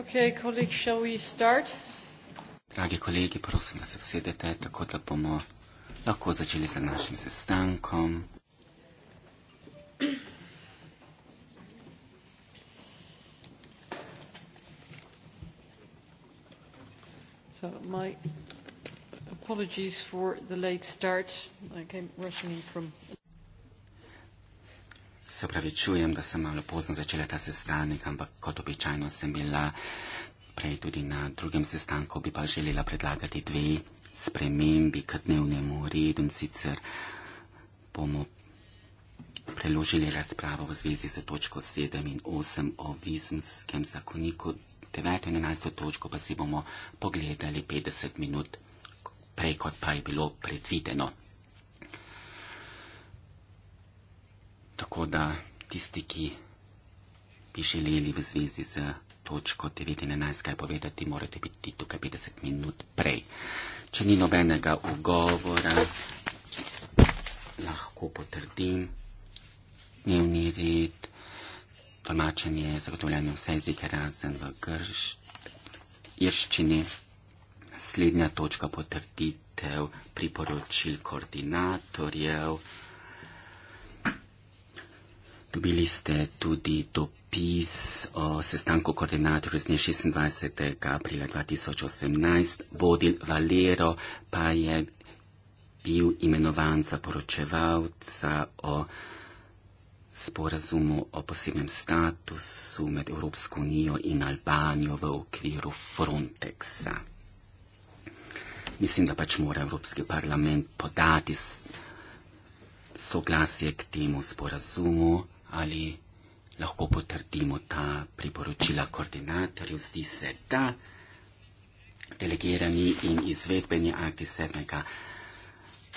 Okay, colleague, shall we start? Dragi kolegi, prosim, da se usedete, tako da bomo lahko začeli z našim sestankom. So my apologies for the late start. I came rushing from se pravi, čujem, da sem malo pozno začela ta sestanek, ampak kot običajno sem bila prej tudi na drugem sestanku, bi pa želela predlagati dve spremembi k dnevnemu redu in sicer bomo preložili razpravo v zvezi z točko 7 in 8 o vizumskem zakoniku, 9 in 11 točko pa si bomo pogledali 50 minut prej, kot pa je bilo predvideno. Tako da tisti, ki bi želeli v zvezi z točko 9 in 11 kaj povedati, morate biti tukaj 50 minut prej. Če ni nobenega ugovora, lahko potrdim dnevni red. Tolmačenje je zagotovljeno vse jezike razen v grščini. Naslednja točka potrditev priporočil koordinatorjev. Dobili ste tudi dopis o sestanku koordinatorjev z dne 26. aprila 2018. Vodil Valero pa je bil imenovan za poročevalca o sporazumu o posebnem statusu med Evropsko unijo in Albanijo v okviru Frontexa. Mislim, da pač mora Evropski parlament podati soglasje k temu sporazumu ali lahko potrdimo ta priporočila koordinatorju, zdi se, da delegirani in izvedbeni akti 7.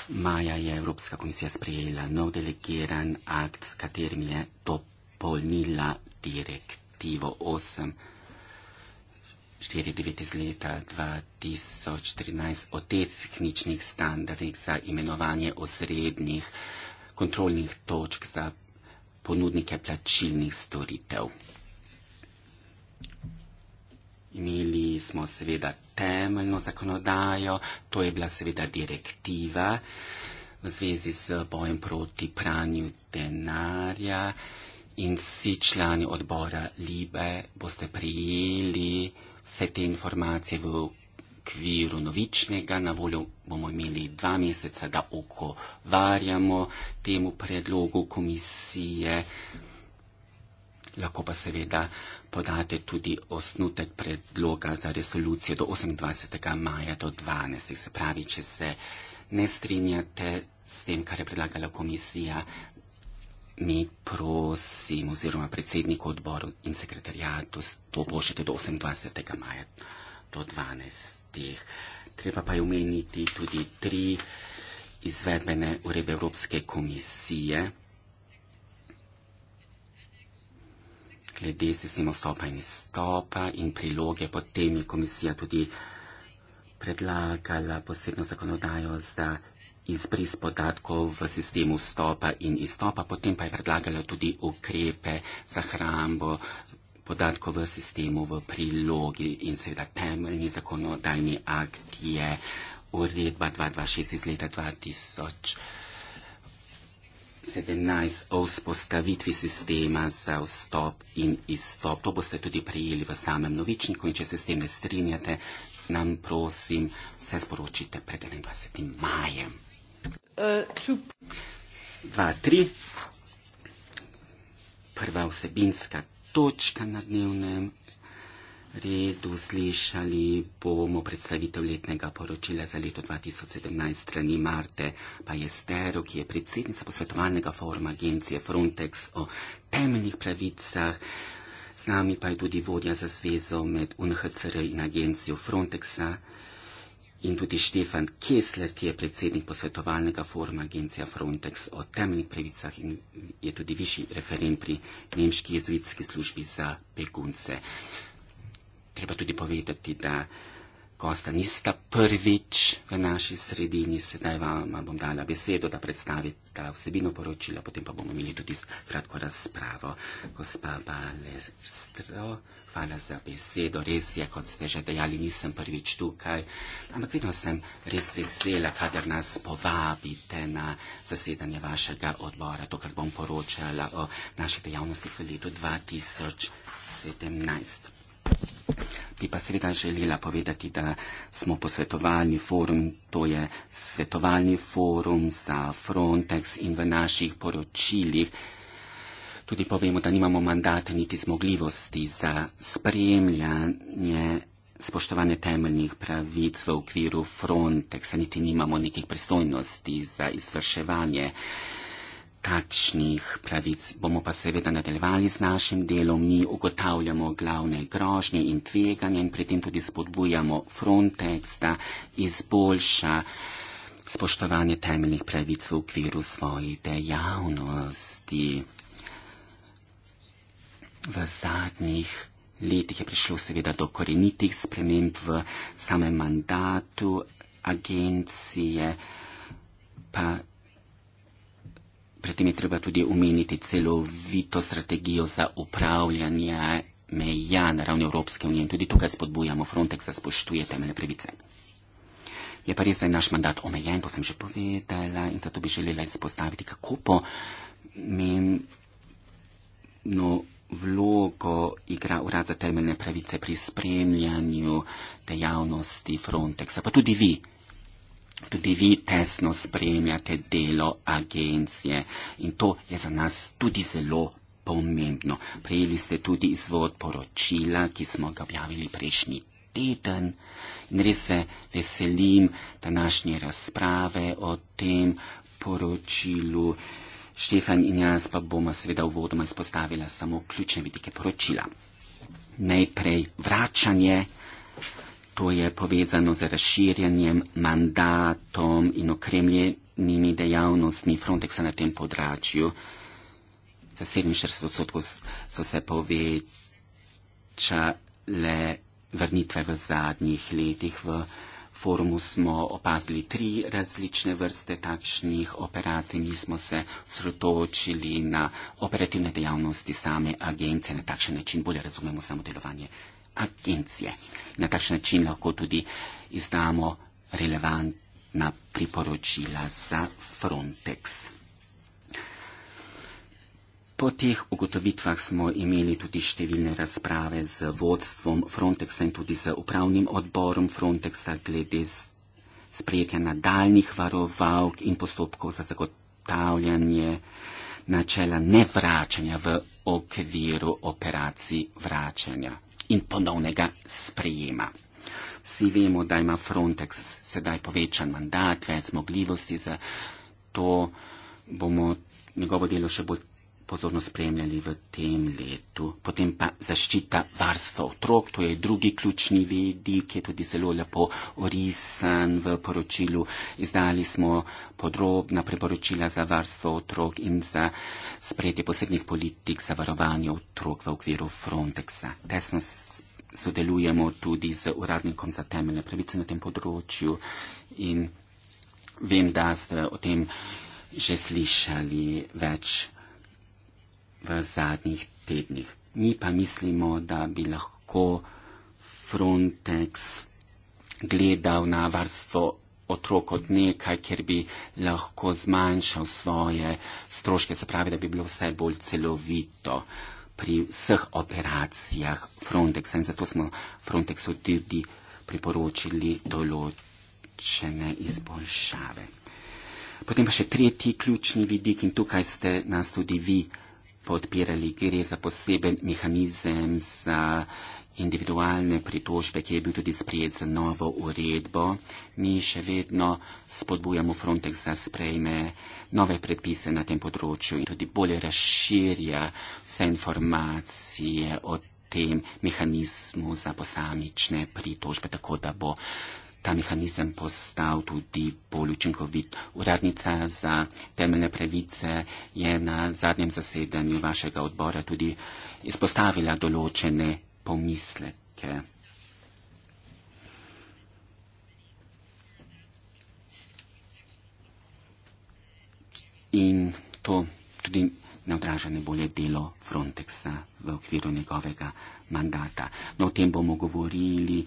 maja je Evropska komisija sprejela nov delegiran akt, s katerim je dopolnila direktivo 8. 49 iz leta 2013 o tehničnih standardih za imenovanje osrednjih kontrolnih točk za ponudnike plačilnih storitev. Imeli smo seveda temeljno zakonodajo, to je bila seveda direktiva v zvezi z bojem proti pranju denarja in vsi člani odbora Libe boste prijeli vse te informacije v okviru novičnega. Na voljo bomo imeli dva meseca, da okovarjamo temu predlogu komisije. Lahko pa seveda podate tudi osnutek predloga za resolucijo do 28. maja do 12. Se pravi, če se ne strinjate s tem, kar je predlagala komisija, mi prosim oziroma predsedniku odboru in sekretarjatu, to pošljete do 28. maja do 12 letih. Treba pa je omeniti tudi tri izvedbene urebe Evropske komisije glede sistema vstopa in izstopa in priloge. Potem je komisija tudi predlagala posebno zakonodajo za izbris podatkov v sistemu vstopa in izstopa, potem pa je predlagala tudi ukrepe za hrambo podatkov v sistemu v prilogi in seveda temeljni zakonodajni akt je uredba 226 iz leta 2017 o vzpostavitvi sistema za vstop in izstop. To boste tudi prijeli v samem novičniku in če se s tem ne strinjate, nam prosim se sporočite pred 21. majem. 2, 3. Prva vsebinska točka na dnevnem redu slišali bomo predstavitev letnega poročila za leto 2017 strani Marte Pajestero, ki je predsednica posvetovalnega foruma agencije Frontex o temeljnih pravicah. Z nami pa je tudi vodja za zvezo med UNHCR in agencijo Frontexa in tudi Štefan Kessler, ki je predsednik posvetovalnega foruma agencija Frontex o temeljnih pravicah in je tudi višji referent pri nemški jezuitski službi za begunce. Treba tudi povedati, da gosta nista prvič v naši sredini, sedaj vam bom dala besedo, da predstavite ta vsebino poročila, potem pa bomo imeli tudi kratko razpravo. Gospa Balestro. Hvala za besedo. Res je, kot ste že dejali, nisem prvič tukaj, ampak vedno sem res vesela, kadar nas povabite na zasedanje vašega odbora. Tokrat bom poročala o naši dejavnosti v letu 2017. Bi pa seveda želela povedati, da smo posvetovalni forum, to je svetovalni forum za Frontex in v naših poročilih tudi povemo, da nimamo mandata niti zmogljivosti za spremljanje spoštovanje temeljnih pravic v okviru Frontexa, niti nimamo nekih pristojnosti za izvrševanje takšnih pravic. Bomo pa seveda nadaljevali z našim delom, mi ugotavljamo glavne grožnje in tveganja in pri tem tudi spodbujamo Frontex, da izboljša spoštovanje temeljnih pravic v okviru svoje dejavnosti v zadnjih letih je prišlo seveda do korenitih sprememb v samem mandatu agencije, pa predtem je treba tudi omeniti celovito strategijo za upravljanje meja na ravni Evropske unije in tudi tukaj spodbujamo Frontex, da spoštuje temeljne pravice. Je pa res, da je naš mandat omejen, to sem že povedala in zato bi želela izpostaviti, kako pomembno vlogo igra Urad za temeljne pravice pri spremljanju dejavnosti Frontexa, pa tudi vi. Tudi vi tesno spremljate delo agencije in to je za nas tudi zelo pomembno. Prejeli ste tudi izvod poročila, ki smo ga objavili prejšnji teden in res se veselim današnje razprave o tem poročilu. Uh, Štefan in jaz pa bomo seveda uvodoma izpostavila samo ključne vidike poročila. Najprej vračanje, to je povezano z razširjanjem, mandatom in okremljenimi dejavnostmi Frontexa na tem področju. Za 47 odstotkov so se povečale vrnitve v zadnjih letih v forumu smo opazili tri različne vrste takšnih operacij. Mi smo se sredotočili na operativne dejavnosti same agencije, na takšen način bolje razumemo samo delovanje agencije. Na takšen način lahko tudi izdamo relevantna priporočila za Frontex. Po teh ugotovitvah smo imeli tudi številne razprave z vodstvom Frontexa in tudi z upravnim odborom Frontexa glede sprejetja nadaljnih varovalk in postopkov za zagotavljanje načela nevračanja v okviru operacij vračanja in ponovnega sprejema. Vsi vemo, da ima Frontex sedaj povečan mandat, več zmogljivosti, zato bomo njegovo delo še bolj pozorno spremljali v tem letu. Potem pa zaščita varstva otrok, to je drugi ključni vidik, ki je tudi zelo lepo orisan v poročilu. Izdali smo podrobna preporočila za varstvo otrok in za sprejetje posebnih politik za varovanje otrok v okviru Frontexa. Tesno sodelujemo tudi z uradnikom za temeljne pravice na tem področju in vem, da ste o tem že slišali več v zadnjih tednih. Mi pa mislimo, da bi lahko Frontex gledal na varstvo otrok od nekaj, ker bi lahko zmanjšal svoje stroške, se pravi, da bi bilo vse bolj celovito pri vseh operacijah Frontexa in zato smo Frontexu tudi priporočili določene izboljšave. Potem pa še tretji ključni vidik in tukaj ste nas tudi vi podpirali. Gre za poseben mehanizem za individualne pritožbe, ki je bil tudi sprejet za novo uredbo. Mi še vedno spodbujamo Frontex, da sprejme nove predpise na tem področju in tudi bolje razširja vse informacije o tem mehanizmu za posamične pritožbe, tako da bo ta mehanizem postal tudi bolj učinkovit. Uradnica za temeljne pravice je na zadnjem zasedanju vašega odbora tudi izpostavila določene pomisleke. In to tudi ne odraža najbolje delo Frontexa v okviru njegovega mandata. No, o tem bomo govorili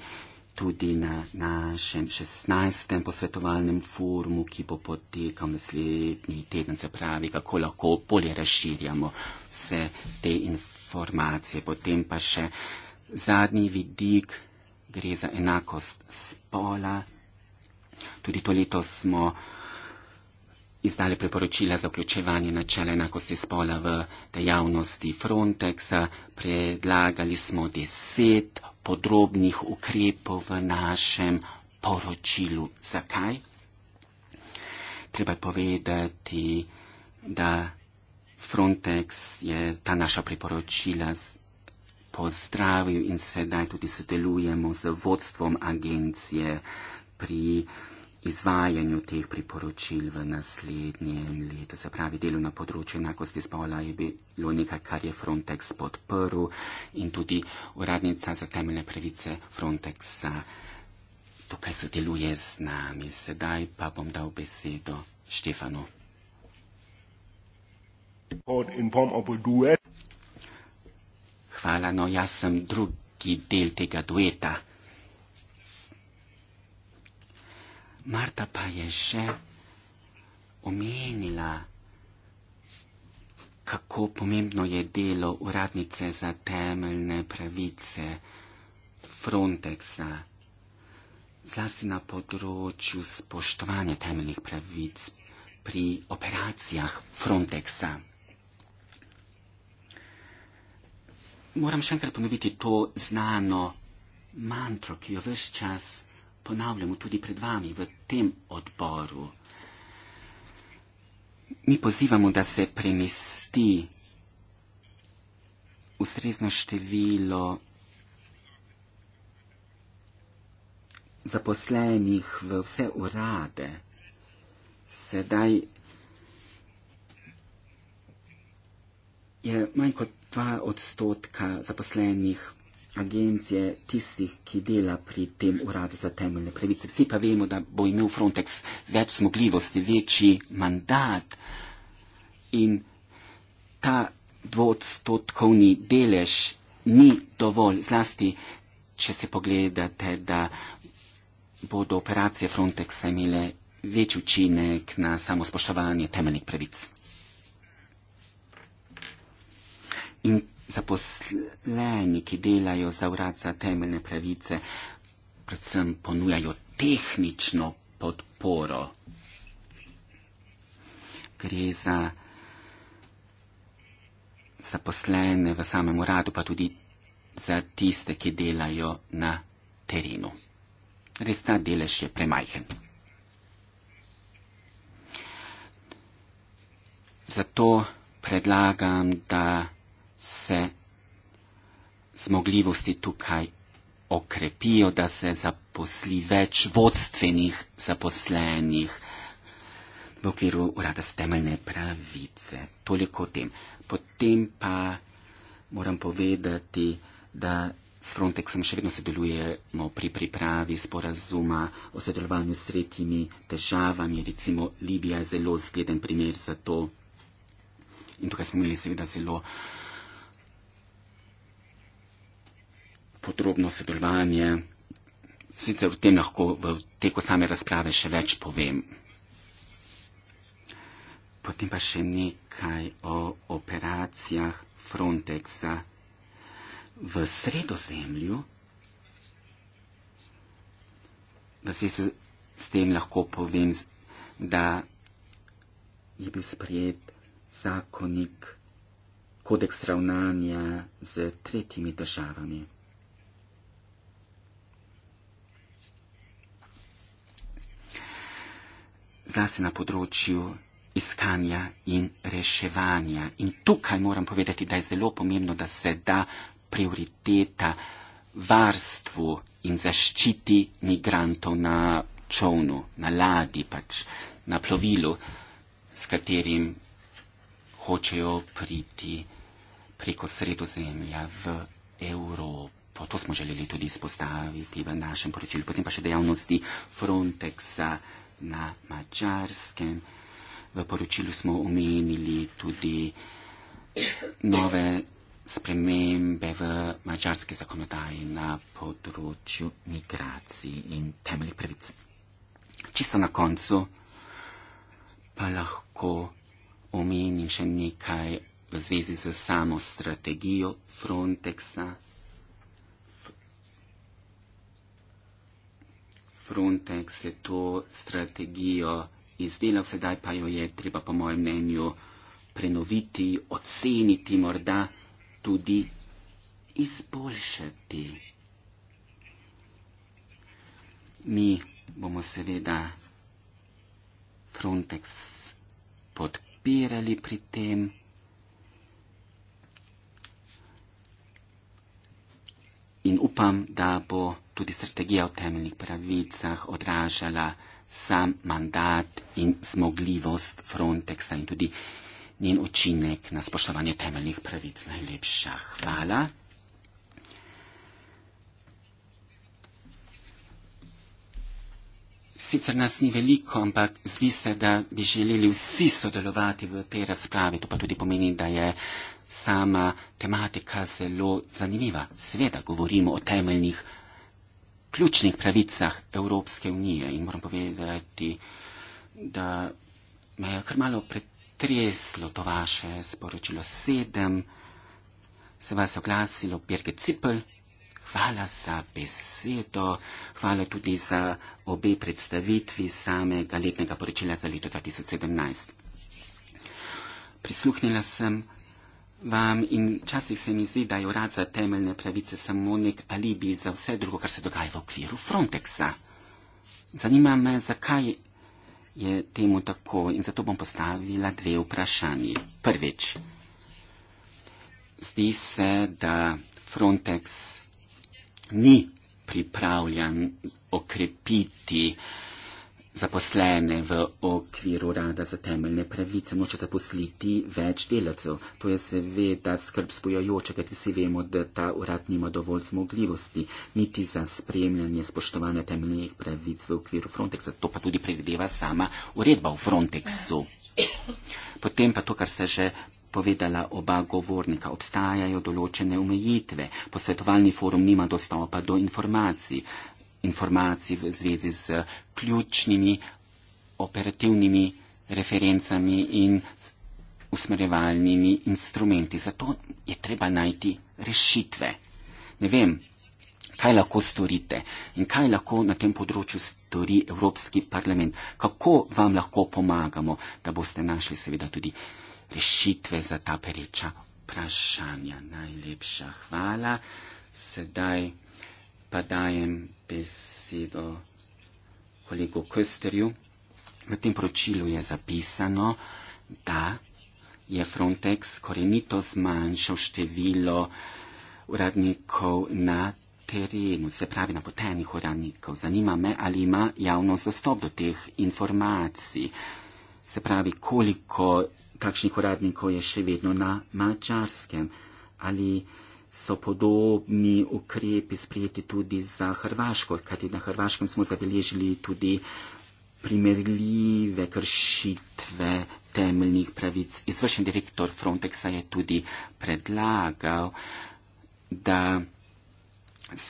tudi na našem 16. posvetovalnem forumu, ki bo potekal naslednji teden, se pravi, kako lahko bolje razširjamo vse te informacije. Potem pa še zadnji vidik, gre za enakost spola. Tudi to leto smo uh, izdali priporočila za vključevanje načela enakosti spola v dejavnosti Frontexa. Predlagali smo deset podrobnih ukrepov v našem poročilu. Zakaj? Treba je povedati, da Frontex je ta naša priporočila pozdravil in sedaj tudi sodelujemo z vodstvom agencije pri izvajanju teh priporočil v naslednjem letu. Se pravi, delo na področju enakosti spola je bilo nekaj, kar je Frontex podprl in tudi uradnica za temeljne pravice Frontexa tukaj sodeluje z nami. Sedaj pa bom dal besedo Štefanu. Hvala, no jaz sem drugi del tega dueta. Marta pa je že omenila, kako pomembno je delo uradnice za temeljne pravice Frontexa, zlasti na področju spoštovanja temeljnih pravic pri operacijah Frontexa. Moram še enkrat ponoviti to znano mantro, ki jo vse čas ponavljamo tudi pred vami v tem odboru. Mi pozivamo, da se premesti ustrezno število zaposlenih v vse urade. Sedaj je manj kot dva odstotka zaposlenih agencije tistih, ki dela pri tem uradu za temeljne pravice. Vsi pa vemo, da bo imel Frontex več zmogljivosti, večji mandat in ta dvodstotkovni delež ni dovolj, zlasti, če se pogledate, da bodo operacije Frontexa imele več učinek na samo spoštovanje temeljnih pravic. In zaposleni, ki delajo za urad za temeljne pravice, predvsem ponujajo tehnično podporo. Gre za zaposlene v samem uradu, pa tudi za tiste, ki delajo na terenu. Res ta delež je premajhen. Zato predlagam, da se zmogljivosti tukaj okrepijo, da se zaposli več vodstvenih zaposlenih v okviru urada za temeljne pravice. Toliko o tem. Potem pa moram povedati, da s Frontexom še vedno sodelujemo pri pripravi sporazuma o sodelovanju s tretjimi državami. Recimo Libija je zelo zgleden primer za to. In tukaj smo imeli seveda zelo uh, podrobno sodelovanje. Sicer v tem lahko v teku same razprave še več povem. Potem pa še nekaj o operacijah Frontexa v sredozemlju. V zvezi s tem lahko povem, da je bil sprejet zakonik kodeks ravnanja z tretjimi državami. zna se na področju iskanja in reševanja. In tukaj moram povedati, da je zelo pomembno, da se da prioriteta varstvu in zaščiti migrantov na čovnu, na ladi, pač na plovilu, s katerim hočejo priti preko sredozemlja v Evropo. To smo želeli tudi izpostaviti v našem poročilu. Potem pa še dejavnosti Frontexa na mačarskem. V poročilu smo omenili tudi nove spremembe v mačarski zakonodaji na področju migracij in temeljih pravic. Čisto na koncu pa lahko omenim še nekaj v zvezi z samo strategijo Frontexa. Frontexe to strategijo izdelal, sedaj pa jo je treba, po mojem mnenju, prenoviti, oceniti, morda tudi izboljšati. Mi bomo seveda Frontex podpirali pri tem. In upam, da bo tudi strategija o temeljnih pravicah odražala sam mandat in zmogljivost Frontexa in tudi njen učinek na spoštovanje temeljnih pravic. Najlepša hvala. Sicer nas ni veliko, ampak zdi se, da bi želeli vsi sodelovati v tej razpravi. To pa tudi pomeni, da je sama tematika zelo zanimiva. Sveda govorimo o temeljnih pravicah ključnih pravicah Evropske unije in moram povedati, da me je kar malo pretreslo to vaše sporočilo. Sedem se vas je oglasilo, Birke Cipel, hvala za besedo, hvala tudi za obe predstavitvi samega letnega poročila za leto 2017. Prisluhnila sem vam in včasih se mi zdi, da je urad za temeljne pravice samo nek alibi za vse drugo, kar se dogaja v okviru Frontexa. Zanima me, zakaj je temu tako in zato bom postavila dve vprašanje. Prvič, zdi se, da Frontex ni pripravljen okrepiti uh, zaposlene v okviru rada za temeljne pravice, moče zaposliti več delavcev. To je seveda skrb spojojoče, kajti si vemo, da ta urad nima dovolj zmogljivosti, niti za spremljanje spoštovanja temeljnih pravic v okviru Frontexa. To pa tudi predvideva sama uredba v Frontexu. Potem pa to, kar ste že povedala oba govornika, obstajajo določene omejitve, posvetovalni forum nima dostopa do informacij informacij v zvezi z ključnimi operativnimi referencami in usmerjevalnimi instrumenti. Zato je treba najti rešitve. Ne vem, kaj lahko storite in kaj lahko na tem področju stori Evropski parlament, kako vam lahko pomagamo, da boste našli seveda tudi rešitve za ta pereča vprašanja. Najlepša hvala. Sedaj pa dajem besedo, kolegu Kösterju. V tem poročilu je zapisano, da je Frontex korenito zmanjšal število uradnikov na terenu, se pravi napotenih uradnikov. Zanima me, ali ima javnost dostop do teh informacij, se pravi, koliko takšnih uradnikov je še vedno na mačarskem ali so podobni ukrepi sprejeti tudi za Hrvaško, kajti na Hrvaškem smo zabeležili tudi primerljive kršitve temeljnih pravic. Izvršen direktor Frontexa je tudi predlagal, da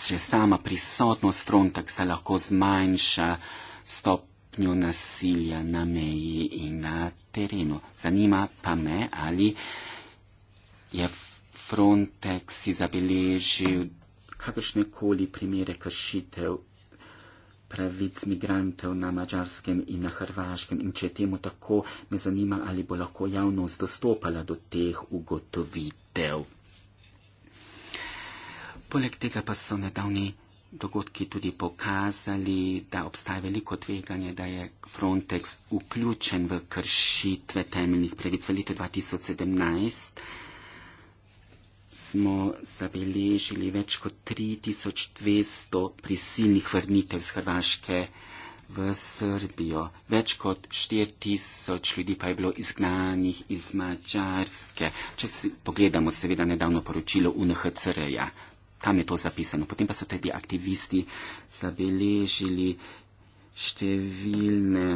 že sama prisotnost Frontexa lahko zmanjša stopnjo nasilja na meji in na terenu. Zanima pa me, ali je Frontex izabeležil kakršne koli primere kršitev pravic migrantov na Mačarskem in na Hrvaškem. In če temu tako, me zanima, ali bo lahko javnost dostopala do teh ugotovitev. Poleg tega pa so nedavni dogodki tudi pokazali, da obstaja veliko tveganje, da je Frontex vključen v kršitve temeljnih pravic v letu 2017 smo zabeležili več kot 3200 prisilnih vrnitev z Hrvaške v Srbijo. Več kot 4000 ljudi pa je bilo izgnanih iz Mačarske. Če si pogledamo seveda nedavno poročilo UNHCR-ja, tam je to zapisano. Potem pa so tedi aktivisti zabeležili številne.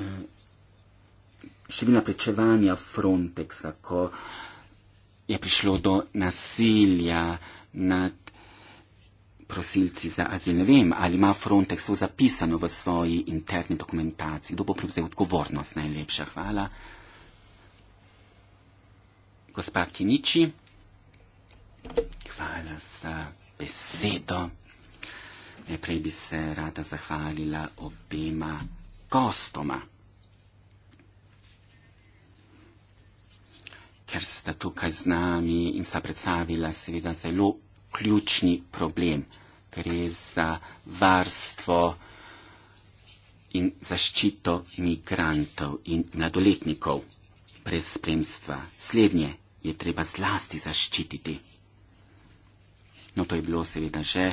Eh, številna prečevanja Frontexa, ko je prišlo do nasilja nad prosilci za azil. Ne vem, ali ima Frontex to zapisano v svoji interni dokumentaciji. Kdo bo prevzel odgovornost? Najlepša hvala. Gospa Kiniči, hvala za besedo. Najprej bi se rada zahvalila obema gostoma. ker sta tukaj z nami in sta predstavila seveda zelo ključni problem. Gre za varstvo in zaščito migrantov in nadoletnikov brez spremstva. Slednje je treba zlasti zaščititi. No, to je bilo seveda že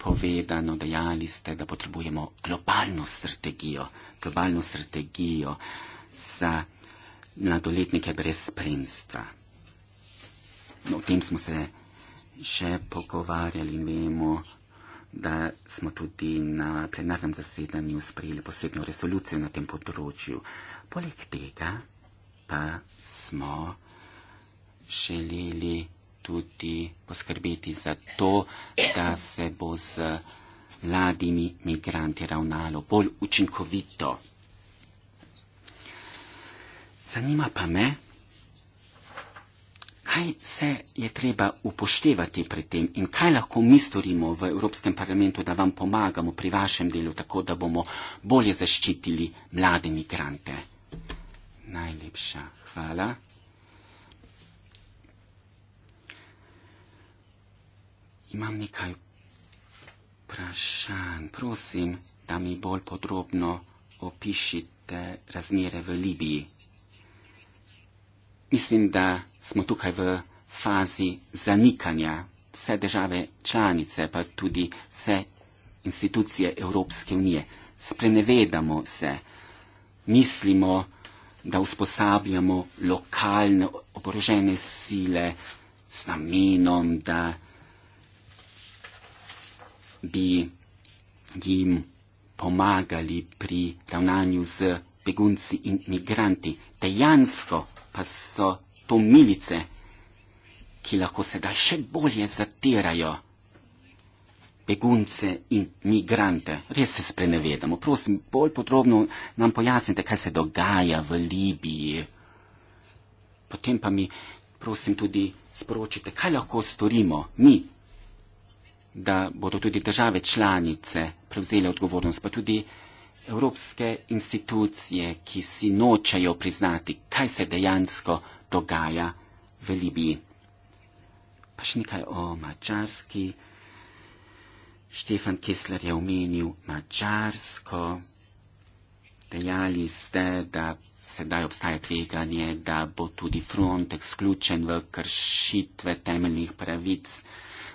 povedano, dejali ste, da potrebujemo globalno strategijo, globalno strategijo za mladoletnike brez spremstva. No, o tem smo se še pogovarjali in vemo, da smo tudi na plenarnem zasedanju sprejeli posebno resolucijo na tem področju. Poleg tega pa smo želeli tudi poskrbeti za to, da se bo z mladimi migranti ravnalo bolj učinkovito. Zanima pa me, kaj se je treba upoštevati pri tem in kaj lahko mi storimo v Evropskem parlamentu, da vam pomagamo pri vašem delu, tako da bomo bolje zaščitili mlade migrante. Najlepša hvala. Imam nekaj vprašanj. Prosim, da mi bolj podrobno opišite razmere v Libiji mislim, da smo tukaj v fazi zanikanja. Vse države članice, pa tudi vse institucije Evropske unije, sprenevedamo se, mislimo, da usposabljamo lokalne oborožene sile s namenom, da bi jim pomagali pri ravnanju z begunci in migranti. Dejansko pa so to milice, ki lahko sedaj še bolje zatirajo begunce in migrante. Res se sprenevedamo. Prosim, bolj podrobno nam pojasnite, kaj se dogaja v Libiji. Potem pa mi, prosim, tudi sporočite, kaj lahko storimo mi, da bodo tudi države članice prevzele odgovornost, pa tudi evropske institucije, ki si nočejo priznati, kaj se dejansko dogaja v Libiji. Pa še nekaj o mačarski. Štefan Kessler je omenil mačarsko. Dejali ste, da sedaj obstaja tveganje, da bo tudi front izključen v kršitve temeljnih pravic,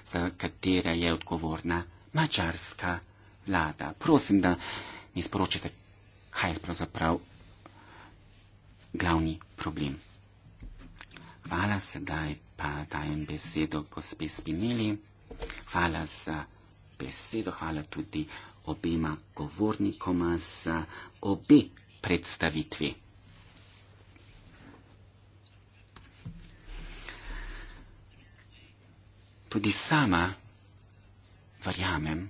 za katere je odgovorna mačarska vlada. Prosim, da in sporočite, kaj je pravzaprav glavni problem. Hvala sedaj pa dajem besedo gospe Spinelli. Hvala za besedo, hvala tudi obema govornikoma za obe predstavitvi. Tudi sama verjamem,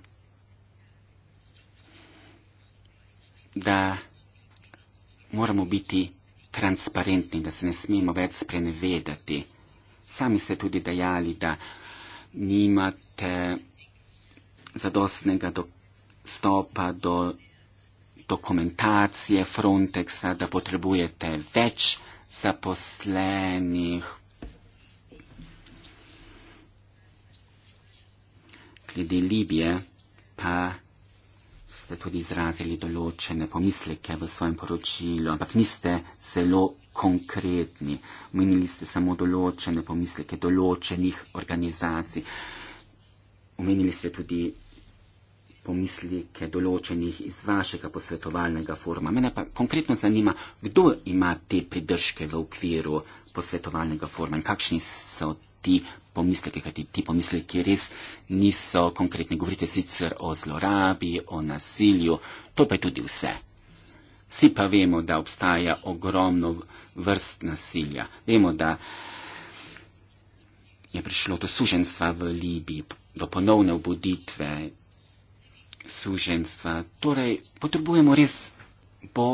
da moramo biti transparentni, da se ne smemo več sprenevedati. Sami ste tudi dejali, da nimate zadostnega dostopa do dokumentacije Frontexa, da potrebujete več zaposlenih. Glede Libije pa ste tudi izrazili določene pomisleke v svojem poročilu, ampak niste zelo konkretni. Omenili ste samo določene pomisleke določenih organizacij. Omenili ste tudi pomisleke določenih iz vašega posvetovalnega foruma. Mene pa konkretno zanima, kdo ima te pridržke v okviru posvetovalnega foruma in kakšni so ti pomisleke, kaj ti, ti pomisleki res niso konkretni. Govorite sicer o zlorabi, o nasilju, to pa je tudi vse. Vsi pa vemo, da obstaja ogromno vrst nasilja. Vemo, da je prišlo do suženstva v Libiji, do ponovne obuditve suženstva. Torej, potrebujemo res bo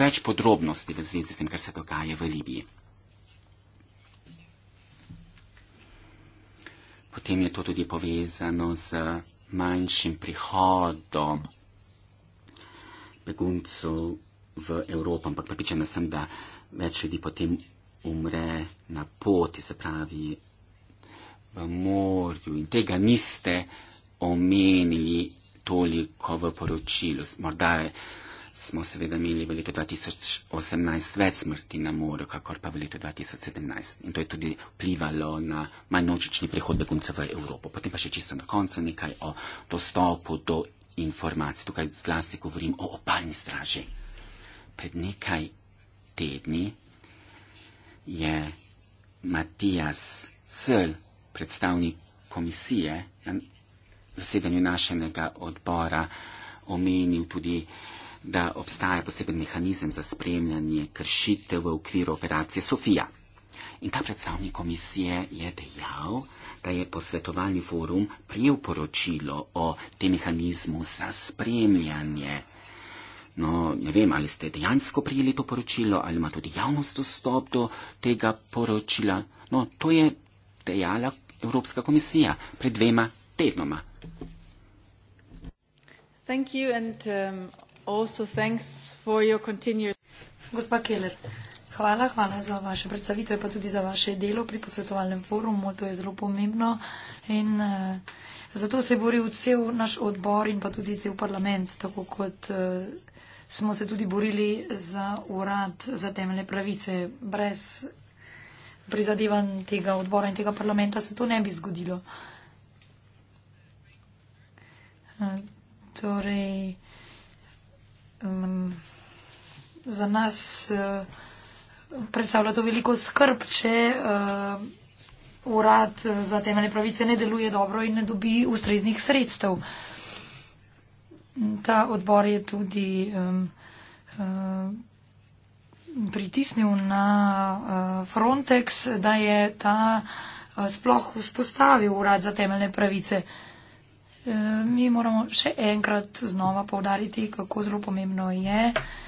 več podrobnosti v zvezi s tem, kar se dogaja v Libiji. Potem je to tudi povezano z manjšim prihodom beguncev v Evropo, ampak pripričana sem, da več ljudi potem umre na poti, se pravi v morju. In tega niste omenili toliko v poročilu. Morda je smo seveda imeli v letu 2018 več smrti na morju, kakor pa v letu 2017. In to je tudi vplivalo na manj nočični prihod beguncev v Evropo. Potem pa še čisto na koncu nekaj o dostopu do informacij. Tukaj zlasti govorim o obalni straži. Pred nekaj tedni je Matijas Sl, predstavnik komisije na zasedanju našega odbora, omenil tudi da obstaja poseben mehanizem za spremljanje kršitev v okviru operacije Sofija. In ta predstavnik komisije je dejal, da je posvetovalni forum prijel poročilo o tem mehanizmu za spremljanje. No, ne vem, ali ste dejansko prijeli to poročilo, ali ima tudi javnost dostop do tega poročila. No, to je dejala Evropska komisija pred dvema tednoma. Thank you and um, Gospa Keller, hvala, hvala za vaše predstavitve, pa tudi za vaše delo pri posvetovalnem forumu. To je zelo pomembno in uh, zato se bori cel naš odbor in pa tudi cel parlament, tako kot uh, smo se tudi borili za urad za temeljne pravice. Brez prizadevan tega odbora in tega parlamenta se to ne bi zgodilo. Uh, torej, za nas eh, predstavlja to veliko skrb, če uh, urad eh, za temeljne pravice ne deluje dobro in ne dobi ustreznih sredstev. Ta odbor je tudi um, uh, pritisnil na uh, Frontex, da je ta uh, sploh vzpostavil urad za temeljne pravice. Mi moramo še enkrat znova povdariti, kako zelo pomembno je uh,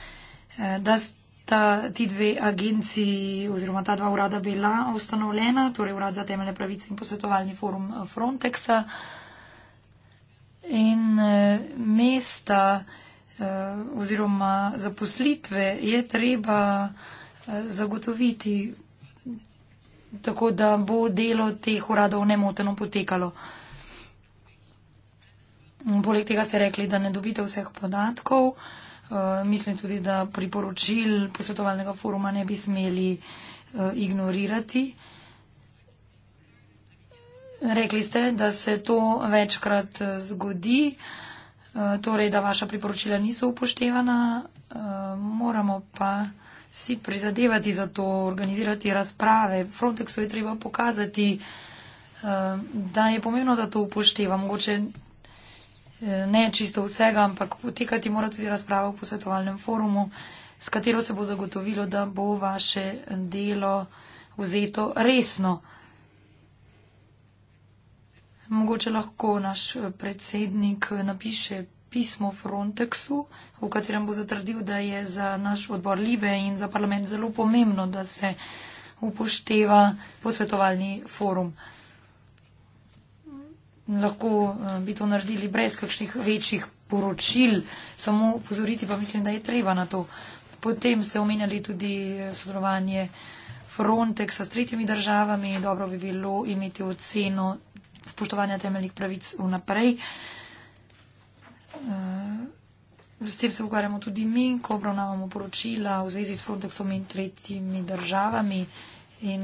Eh, da sta ti dve agenciji oziroma ta dva urada bila ustanovljena, torej Urad za temeljne pravice in posvetovalni forum eh, Frontexa. In eh, mesta oziroma zaposlitve je treba zagotoviti tako, da bo delo teh uradov nemoteno potekalo. Poleg tega ste rekli, da ne dobite vseh podatkov. Uh, Eh, mislim tudi, da priporočil posvetovalnega foruma ne bi smeli uh, ignorirati. Rekli ste, da se to večkrat eh, zgodi, torej da vaša priporočila niso upoštevana, moramo pa si prizadevati za to, organizirati razprave. Frontexu je treba pokazati, da je pomembno, da to upošteva. Mogoče ne čisto vsega, ampak potekati mora tudi razprava v posvetovalnem forumu, s katero se bo zagotovilo, da bo vaše delo vzeto resno. Mogoče lahko naš predsednik napiše pismo Frontexu, v katerem bo zatrdil, da je za naš odbor Libe in za parlament zelo pomembno, da se upošteva posvetovalni forum lahko eh, bi to naredili brez kakšnih večjih poročil, samo upozoriti pa mislim, da je treba na to. Potem ste omenjali tudi eh, sodelovanje Frontexa s tretjimi državami. Dobro bi bilo imeti oceno spoštovanja temeljnih pravic vnaprej. Eh, s tem se ukvarjamo tudi mi, ko obravnavamo poročila v zvezi s Frontexom in tretjimi državami. In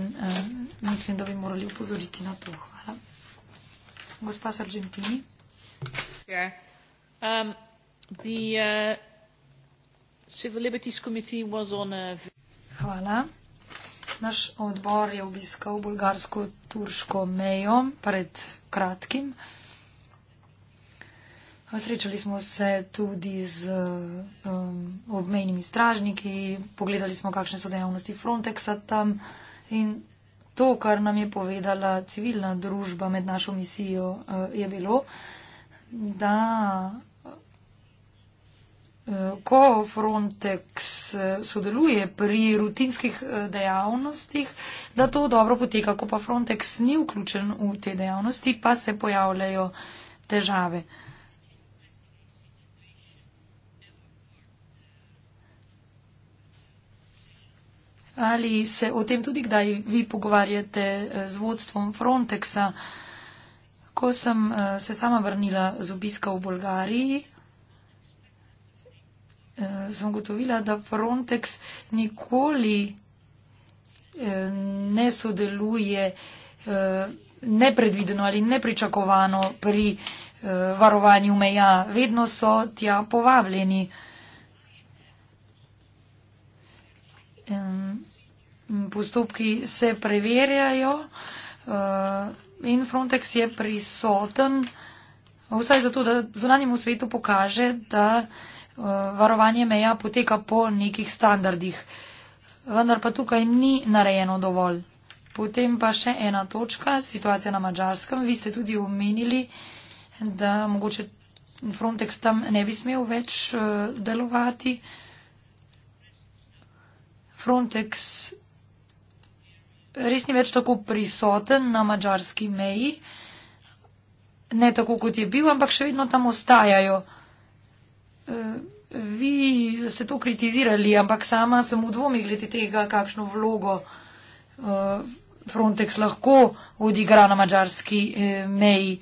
mislim, da bi morali upozoriti na to. Hvala gospa Sargentini. Chair. Ja. Um, the uh, Civil Liberties Committee was on a... Hvala. Naš odbor je obiskal bulgarsko-turško mejo pred kratkim. Srečali smo se tudi z um, obmejnimi stražniki, pogledali smo, kakšne so dejavnosti Frontexa tam in to, kar nam je povedala civilna družba med našo misijo, eh, je bilo, da eh, ko Frontex eh, sodeluje pri rutinskih dejavnostih, da to dobro poteka, ko pa Frontex ni vključen v te dejavnosti, pa se pojavljajo težave. Ali se o tem tudi kdaj vi pogovarjate eh, z vodstvom Frontexa? Ko sem eh, se sama vrnila z obiska v Bolgariji, eh, sem gotovila, da Frontex nikoli ne sodeluje nepredvideno ali nepričakovano pri varovanju meja. Vedno so tja povabljeni. Mm, postopki se preverjajo uh, in Frontex je prisoten, vsaj zato, da zunanjemu svetu pokaže, da uh, varovanje meja poteka po nekih standardih. Vendar pa tukaj ni narejeno dovolj. Potem pa še ena točka, situacija na Mačarskem. Vi ste tudi omenili, da mogoče Frontex tam ne bi smel več uh, delovati. Frontex res ni več tako prisoten na mačarski meji, ne tako kot je bil, ampak še vedno tam ostajajo. E, vi ste to kritizirali, ampak sama sem v dvomih glede tega, kakšno vlogo e, Frontex lahko odigra na mačarski e, meji.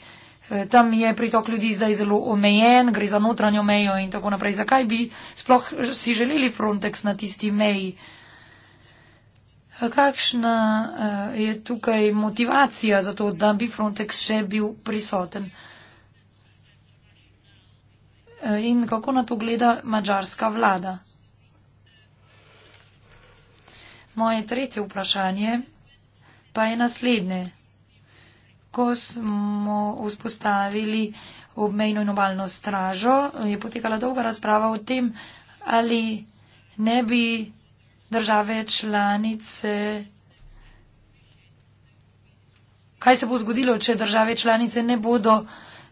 Tam je pritok ljudi zdaj zelo omejen, gre za notranjo mejo in tako naprej. Zakaj bi sploh si želeli Frontex na tisti meji? Uh, Kakšna eh, je tukaj motivacija za to, da bi Frontex še bil prisoten? Eh, in kako na to gleda mađarska vlada? Moje tretje vprašanje pa je naslednje. Ko smo vzpostavili obmejno in obalno stražo, je potekala dolga razprava o tem, ali ne bi države članice. Kaj se bo zgodilo, če države članice ne bodo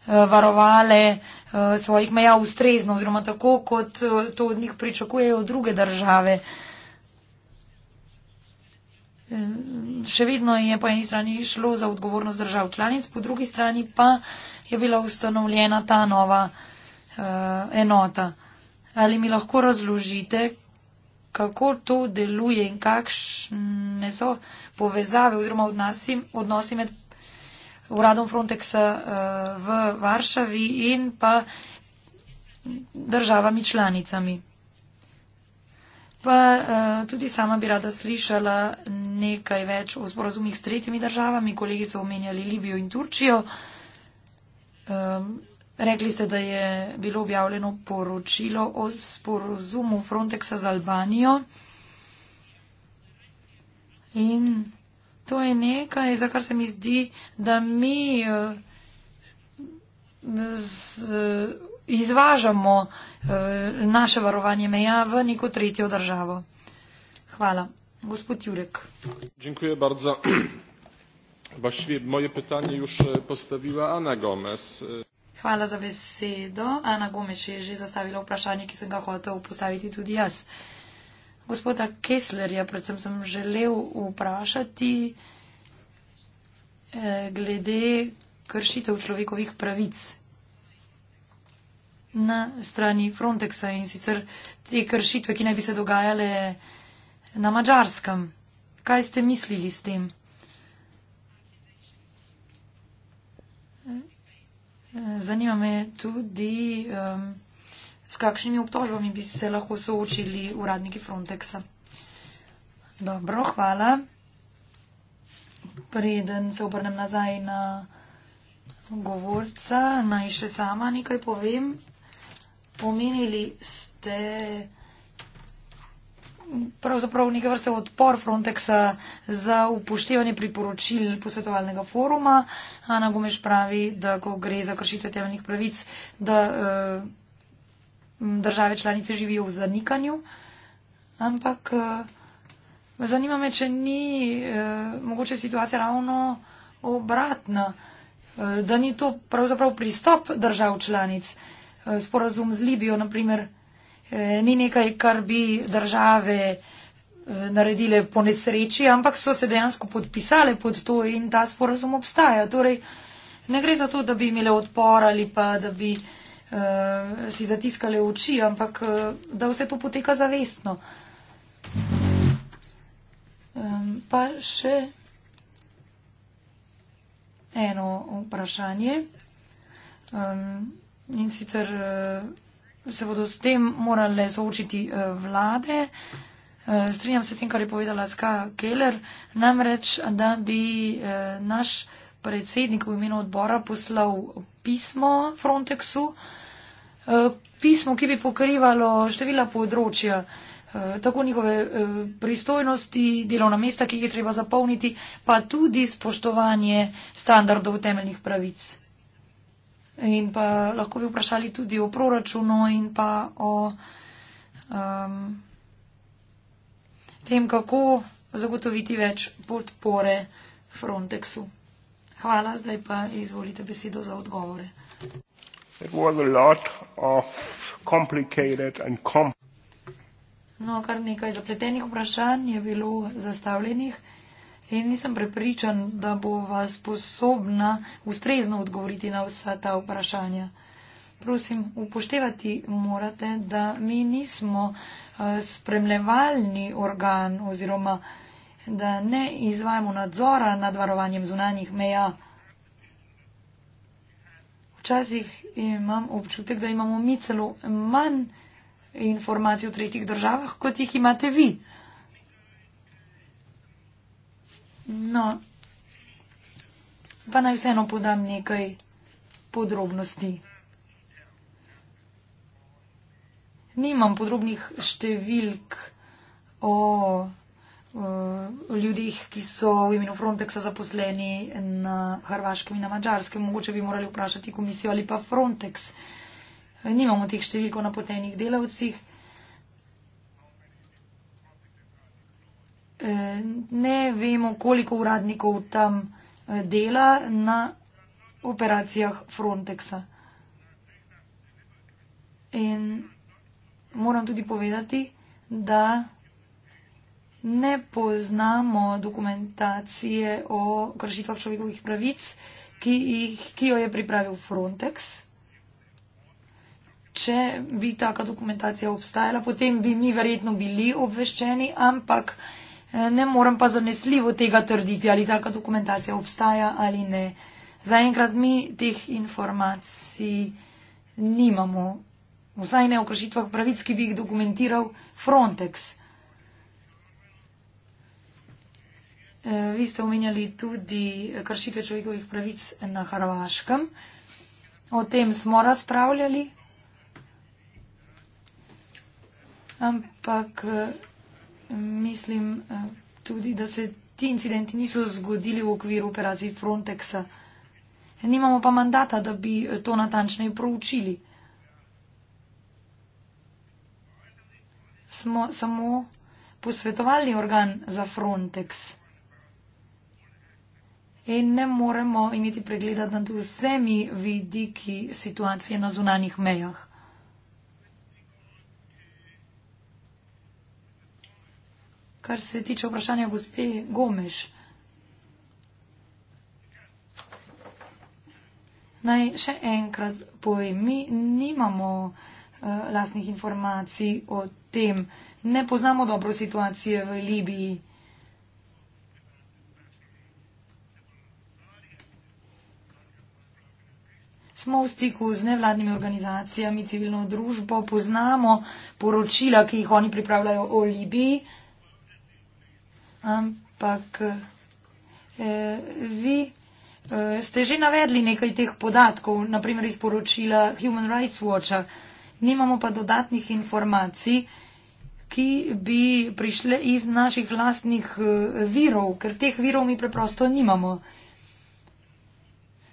eh, varovale eh, svojih meja ustrezno oziroma tako, kot eh, to od njih pričakujejo druge države? Še vedno je po eni strani šlo za odgovornost držav članic, po drugi strani pa je bila ustanovljena ta nova uh, enota. Ali mi lahko razložite, kako to deluje in kakšne so povezave oziroma odnosi, odnosi med uradom Frontexa eh, v Varšavi in pa državami članicami. Pa eh, tudi sama bi rada slišala nekaj več o sporazumih s tretjimi državami. Kolegi so omenjali Libijo in Turčijo. Ehm, Rekli ste, da je bilo objavljeno poročilo o sporozumu Frontexa z Albanijo. In to je nekaj, za kar se mi zdi, da mi eh, z, izvažamo eh, naše varovanje meja v neko tretjo državo. Hvala. Gospod Jurek. Dziękuję bardzo. Właściwie moje pytanie już e, postawiła Ana Gomez. Hvala za besedo. Ana Gomeš je že zastavila vprašanje, ki sem ga hotel postaviti tudi jaz. Gospoda Kesslerja, predvsem sem želel vprašati eh, glede kršitev človekovih pravic na strani Frontexa in sicer te kršitve, ki naj bi se dogajale na mačarskem. Kaj ste mislili s tem? Zanima me tudi, um, s kakšnimi obtožbami bi se lahko soočili uradniki Frontexa. Dobro, hvala. Preden se obrnem nazaj na govorca, naj še sama nekaj povem. Pomenili ste pravzaprav nekaj vrste odpor Frontexa za upoštevanje priporočil posvetovalnega foruma. Ana Gomeš pravi, da ko gre za kršitve temeljnih pravic, da eh, države članice živijo v zanikanju. Ampak eh, zanima me, če ni eh, mogoče situacija ravno obratna, da ni to pravzaprav pristop držav članic. Sporazum z Libijo, naprimer, Eh, ni nekaj, kar bi države eh, naredile po nesreči, ampak so se dejansko podpisale pod to in ta sporozum obstaja. Torej, ne gre za to, da bi imele odpor ali pa da bi uh, si zatiskale oči, ampak da vse to poteka zavestno. Um, pa še eno vprašanje. Um, in sicer. Uh, se bodo s tem morale soočiti eh, vlade. Eh, strinjam se s tem, kar je povedala Ska Keller, namreč, da bi eh, naš predsednik v imenu odbora poslal pismo Frontexu, pismo, ki bi pokrivalo števila področja, tako njihove pristojnosti, delovna mesta, ki jih je treba zapolniti, pa tudi spoštovanje standardov temeljnih pravic In pa lahko bi vprašali tudi o proračunu in pa o um, tem, kako zagotoviti več podpore Frontexu. Hvala, zdaj pa izvolite besedo za odgovore. No, kar nekaj zapletenih vprašanj je bilo zastavljenih in nisem prepričan, da bova sposobna ustrezno odgovoriti na vsa ta vprašanja. Prosim, upoštevati morate, da mi nismo eh, spremljevalni organ oziroma da ne izvajamo nadzora nad varovanjem zunanjih meja. Včasih imam občutek, da imamo mi celo manj informacij o tretjih državah, kot jih imate vi. No, pa naj vseeno podam nekaj podrobnosti. Nimam podrobnih številk o, o ljudih, ki so v imenu Frontexa zaposleni na Hrvaškem in na Mačarskem. Mogoče bi morali vprašati komisijo ali pa Frontex. Nimamo teh številk o napotenih delavcih. Eh, ne vemo, koliko uradnikov tam eh, dela na operacijah Frontexa. In moram tudi povedati, da ne poznamo dokumentacije o kršitvah človekovih pravic, ki, jih, ki jo je pripravil Frontex. Če bi taka dokumentacija obstajala, potem bi mi verjetno bili obveščeni, ampak Eh, ne morem pa zanesljivo tega trditi, ali taka dokumentacija obstaja ali ne. Zaenkrat mi teh informacij nimamo, vsaj ne o kršitvah pravic, ki bi jih dokumentiral Frontex. Eh, vi ste omenjali tudi kršitve človekovih pravic na Hrvaškem. O tem smo razpravljali. Ampak eh, Mislim eh, tudi, da se ti incidenti niso zgodili v okviru operacij Frontexa. Nimamo pa mandata, da bi eh, to natančneje proučili. Smo samo posvetovalni organ za Frontex. In ne moremo imeti pregleda nad vsemi vidiki situacije na zunanih mejah. kar se tiče vprašanja gospe Gomeš. Naj še enkrat povem, mi nimamo eh, lastnih informacij o tem. Ne poznamo dobro situacije v Libiji. Smo v stiku z nevladnimi organizacijami, civilno družbo, poznamo poročila, ki jih oni pripravljajo o Libiji, ampak eh, vi eh, ste že navedli nekaj teh podatkov, naprimer iz poročila Human Rights Watcha, nimamo pa dodatnih informacij, ki bi prišle iz naših lastnih eh, virov, ker teh virov mi preprosto nimamo.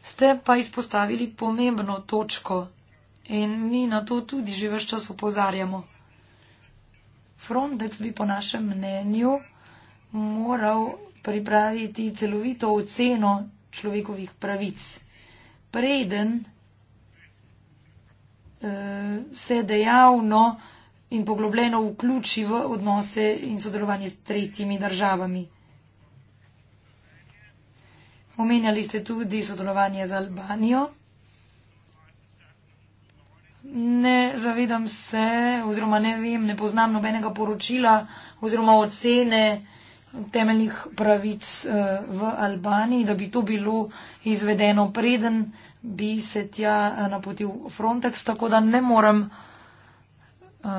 Ste pa izpostavili pomembno točko in mi na to tudi že vse čas upozarjamo. Frontex bi po našem mnenju moral pripraviti celovito oceno človekovih pravic, preden eh, se dejavno in poglobljeno vključi v odnose in sodelovanje s tretjimi državami. Omenjali ste tudi sodelovanje z Albanijo. Ne zavedam se oziroma ne vem, ne poznam nobenega poročila oziroma ocene eh, temeljnih pravic eh, v Albaniji, da bi to bilo izvedeno preden, bi se tja eh, napotil Frontex, tako da ne morem uh,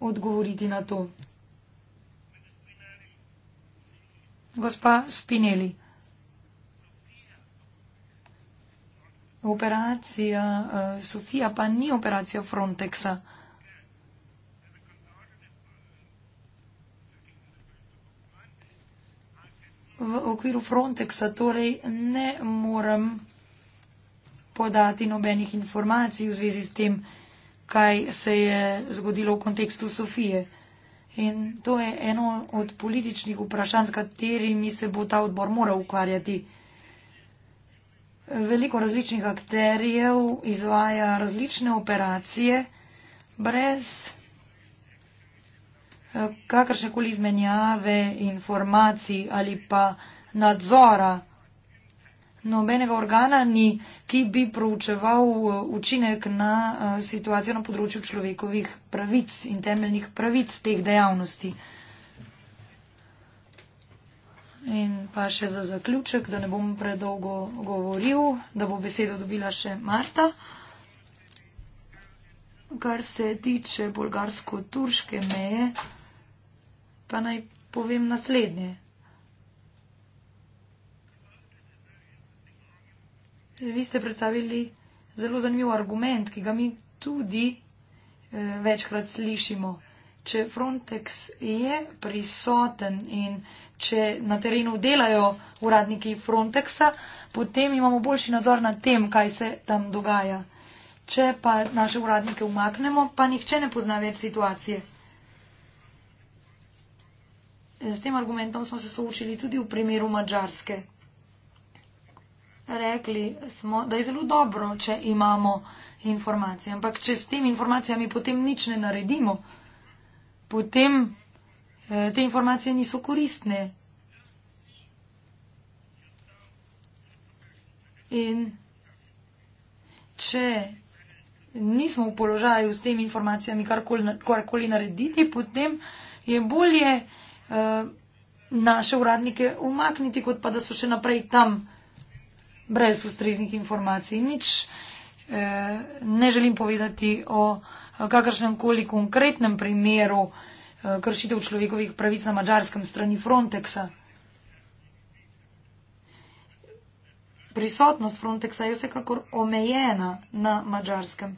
odgovoriti na to. Gospa Spinelli. Operacija uh, Sofija pa ni operacija Frontexa. Uh, okviru Frontexa torej ne morem podati nobenih informacij v zvezi s tem, kaj se je zgodilo v kontekstu Sofije. In to je eno od političnih vprašanj, s katerimi se bo ta odbor moral ukvarjati. Veliko različnih akterjev izvaja različne operacije brez eh, kakršnekoli izmenjave informacij ali pa nadzora. Nobenega organa ni, ki bi proučeval uh, učinek na uh, situacijo na področju človekovih pravic in temeljnih pravic teh dejavnosti. In pa še za zaključek, da ne bom predolgo govoril, da bo besedo dobila še Marta. Kar se tiče bolgarsko-turške meje, pa naj povem naslednje. Vi ste predstavili zelo zanimiv argument, ki ga mi tudi eh, večkrat slišimo. Če Frontex je prisoten in če na terenu delajo uradniki Frontexa, potem imamo boljši nadzor nad tem, kaj se tam dogaja. Če pa naše uradnike umaknemo, pa nihče ne pozna več situacije. Z tem argumentom smo se soočili tudi v primeru Mačarske rekli smo, da je zelo dobro, če imamo informacije, ampak če s temi informacijami potem nič ne naredimo, potem eh, te informacije niso koristne. In če nismo v položaju s temi informacijami karkoli narediti, potem je bolje uh, naše uradnike umakniti, kot pa da so še naprej tam brez ustreznih informacij. Nič eh, ne želim povedati o kakršnem koli konkretnem primeru eh, kršitev človekovih pravic na mačarskem strani Frontexa. Prisotnost Frontexa je vsekakor omejena na mačarskem,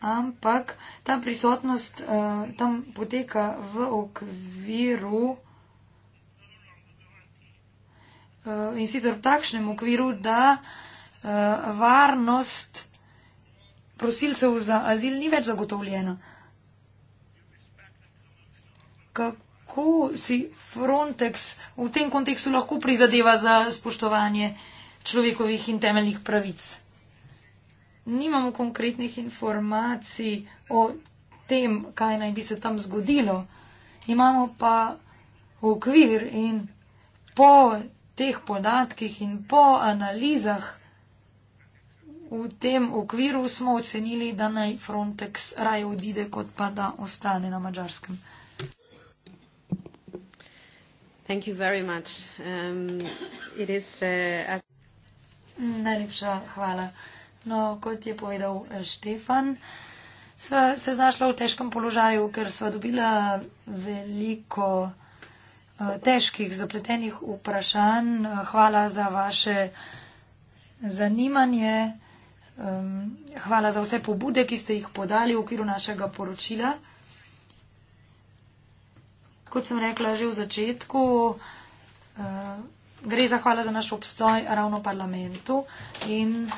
ampak ta prisotnost uh, tam poteka v okviru uh, Eh, in sicer v takšnem okviru, da eh, varnost prosilcev za azil ni več zagotovljena. Kako si Frontex v tem kontekstu lahko prizadeva za spoštovanje človekovih in temeljnih pravic? Nimamo konkretnih informacij o tem, kaj naj bi se tam zgodilo. Imamo pa okvir in po teh podatkih in po analizah v tem okviru smo ocenili, da naj Frontex raje odide, kot pa da ostane na mačarskem. Um, uh, as... Najlepša hvala. No, kot je povedal eh, Štefan, sva se znašla v težkem položaju, ker sva dobila veliko. Eh, težkih, zapletenih vprašanj. Hvala za vaše zanimanje. Hvala za vse pobude, ki ste jih podali v okviru našega poročila. Kot sem rekla že v začetku, eh, gre za hvala za naš obstoj ravno v parlamentu in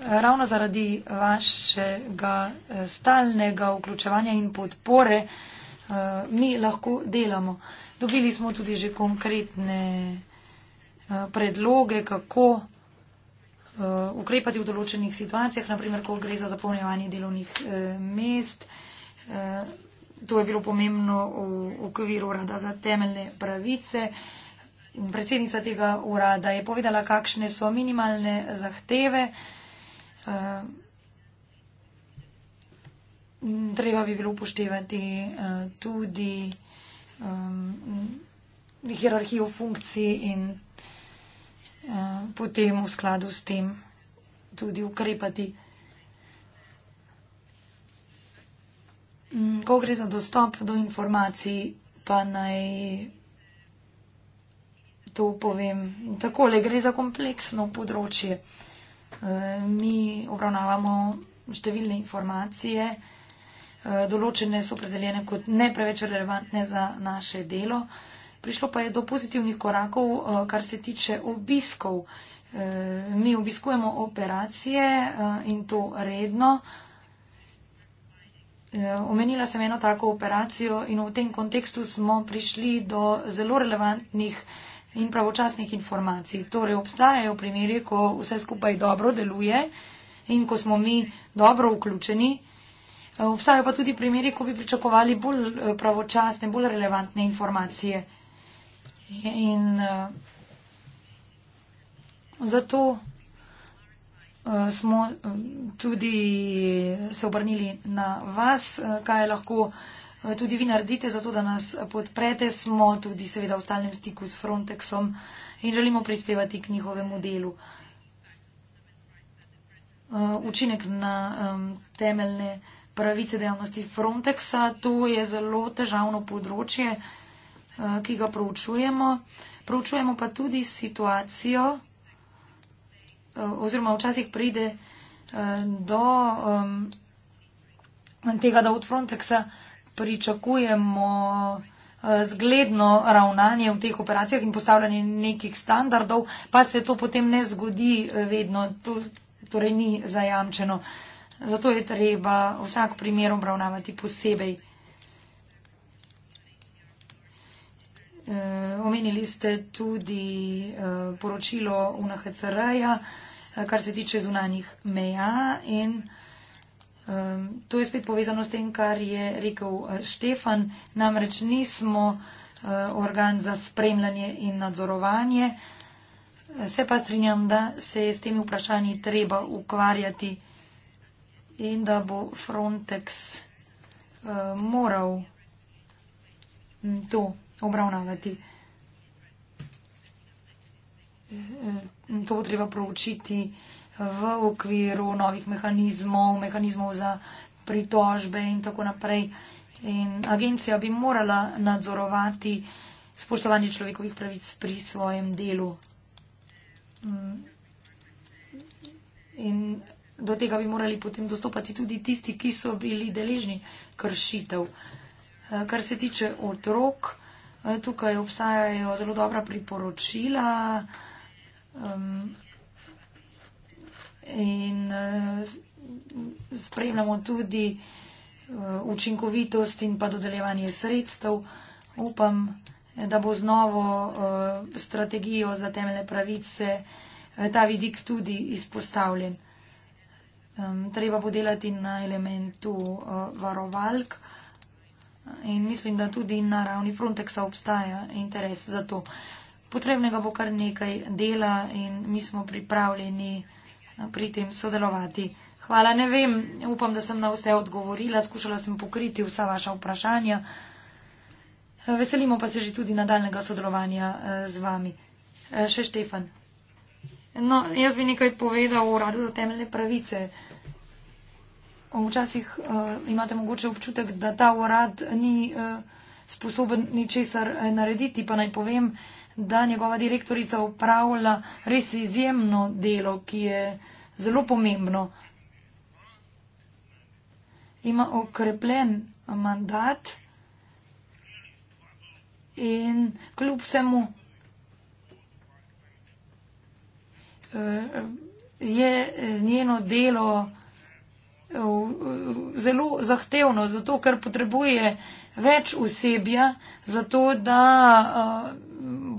ravno zaradi vašega eh, stalnega vključevanja in podpore mi lahko delamo. Dobili smo tudi že konkretne eh, predloge, kako eh, ukrepati v določenih situacijah, naprimer, ko gre za zapolnjevanje delovnih eh, mest. To je bilo pomembno v okviru Urada za temeljne pravice. Predsednica tega urada je povedala, kakšne so minimalne zahteve. Treba bi bilo upoštevati tudi um, hierarhijo funkcij in um, potem v skladu s tem tudi ukrepati. Mm, ko gre za dostop do informacij, pa naj to povem. Takole gre za kompleksno področje. Uh, mi obravnavamo številne informacije, Eh, določene so predeljene kot ne preveč relevantne za naše delo. Prišlo pa je do pozitivnih korakov, eh, kar se tiče obiskov. Eh, mi obiskujemo operacije in to redno. Omenila sem eno tako operacijo in v tem kontekstu smo prišli do zelo relevantnih in pravočasnih informacij. Torej obstajajo primeri, ko vse skupaj dobro deluje in ko smo mi dobro vključeni. Eh, obstajajo pa tudi primeri, ko bi pričakovali bolj eh, pravočasne, bolj relevantne informacije. In uh, zato uh, smo tudi se obrnili na vas, kaj lahko tudi vi naredite, zato da nas podprete. Smo tudi seveda v stalnem stiku s Frontexom in želimo prispevati k njihovemu delu. Uh, učinek na um, temeljne pravice dejavnosti Frontexa. To je zelo težavno področje, eh, ki ga proučujemo. Proučujemo pa tudi situacijo, eh, oziroma včasih pride eh, do tega, da od Frontexa pričakujemo zgledno ravnanje v teh operacijah in postavljanje nekih standardov, pa se to potem ne zgodi vedno, to torej ni zajamčeno. Zato je treba vsak primer obravnavati posebej. E, omenili ste tudi e, poročilo UNHCR-ja, e, kar se tiče zunanjih meja in to je spet povezano s tem, kar je rekel Štefan. Namreč nismo organ za spremljanje in nadzorovanje. Se pa strinjam, da se je s temi vprašanji treba ukvarjati in da bo Frontex uh, moral mm, to obravnavati. Eh, eh, to bo treba proučiti v okviru novih mehanizmov, mehanizmov za pritožbe in tako naprej. In agencija bi morala nadzorovati spoštovanje človekovih pravic pri svojem delu. Mm. In do tega bi morali potem dostopati tudi tisti, ki so bili deležni kršitev. Eh, kar se tiče otrok, eh, tukaj obstajajo zelo dobra priporočila in eh, spremljamo tudi učinkovitost in pa dodeljevanje sredstev. Upam, da bo z novo strategijo za temele pravice ta vidik tudi izpostavljen um, treba podelati na elementu uh, varovalk in mislim, da tudi na ravni Frontexa obstaja interes za to. Potrebnega bo kar nekaj dela in mi smo pripravljeni eh, pri tem sodelovati. Hvala, ne vem, upam, da sem na vse odgovorila, skušala sem pokriti vsa vaša vprašanja. Veselimo pa se že tudi nadaljnega sodelovanja eh, z vami. Še Štefan. No, jaz bi nekaj povedal o uradu za temeljne pravice. Včasih uh, imate mogoče občutek, da ta urad ni uh, sposoben ničesar eh, narediti, pa naj povem, da njegova direktorica upravlja res izjemno delo, ki je zelo pomembno. Ima okrepljen mandat in kljub vsemu Eh, je eh, njeno delo eh, zelo zahtevno, zato ker potrebuje več osebja, zato da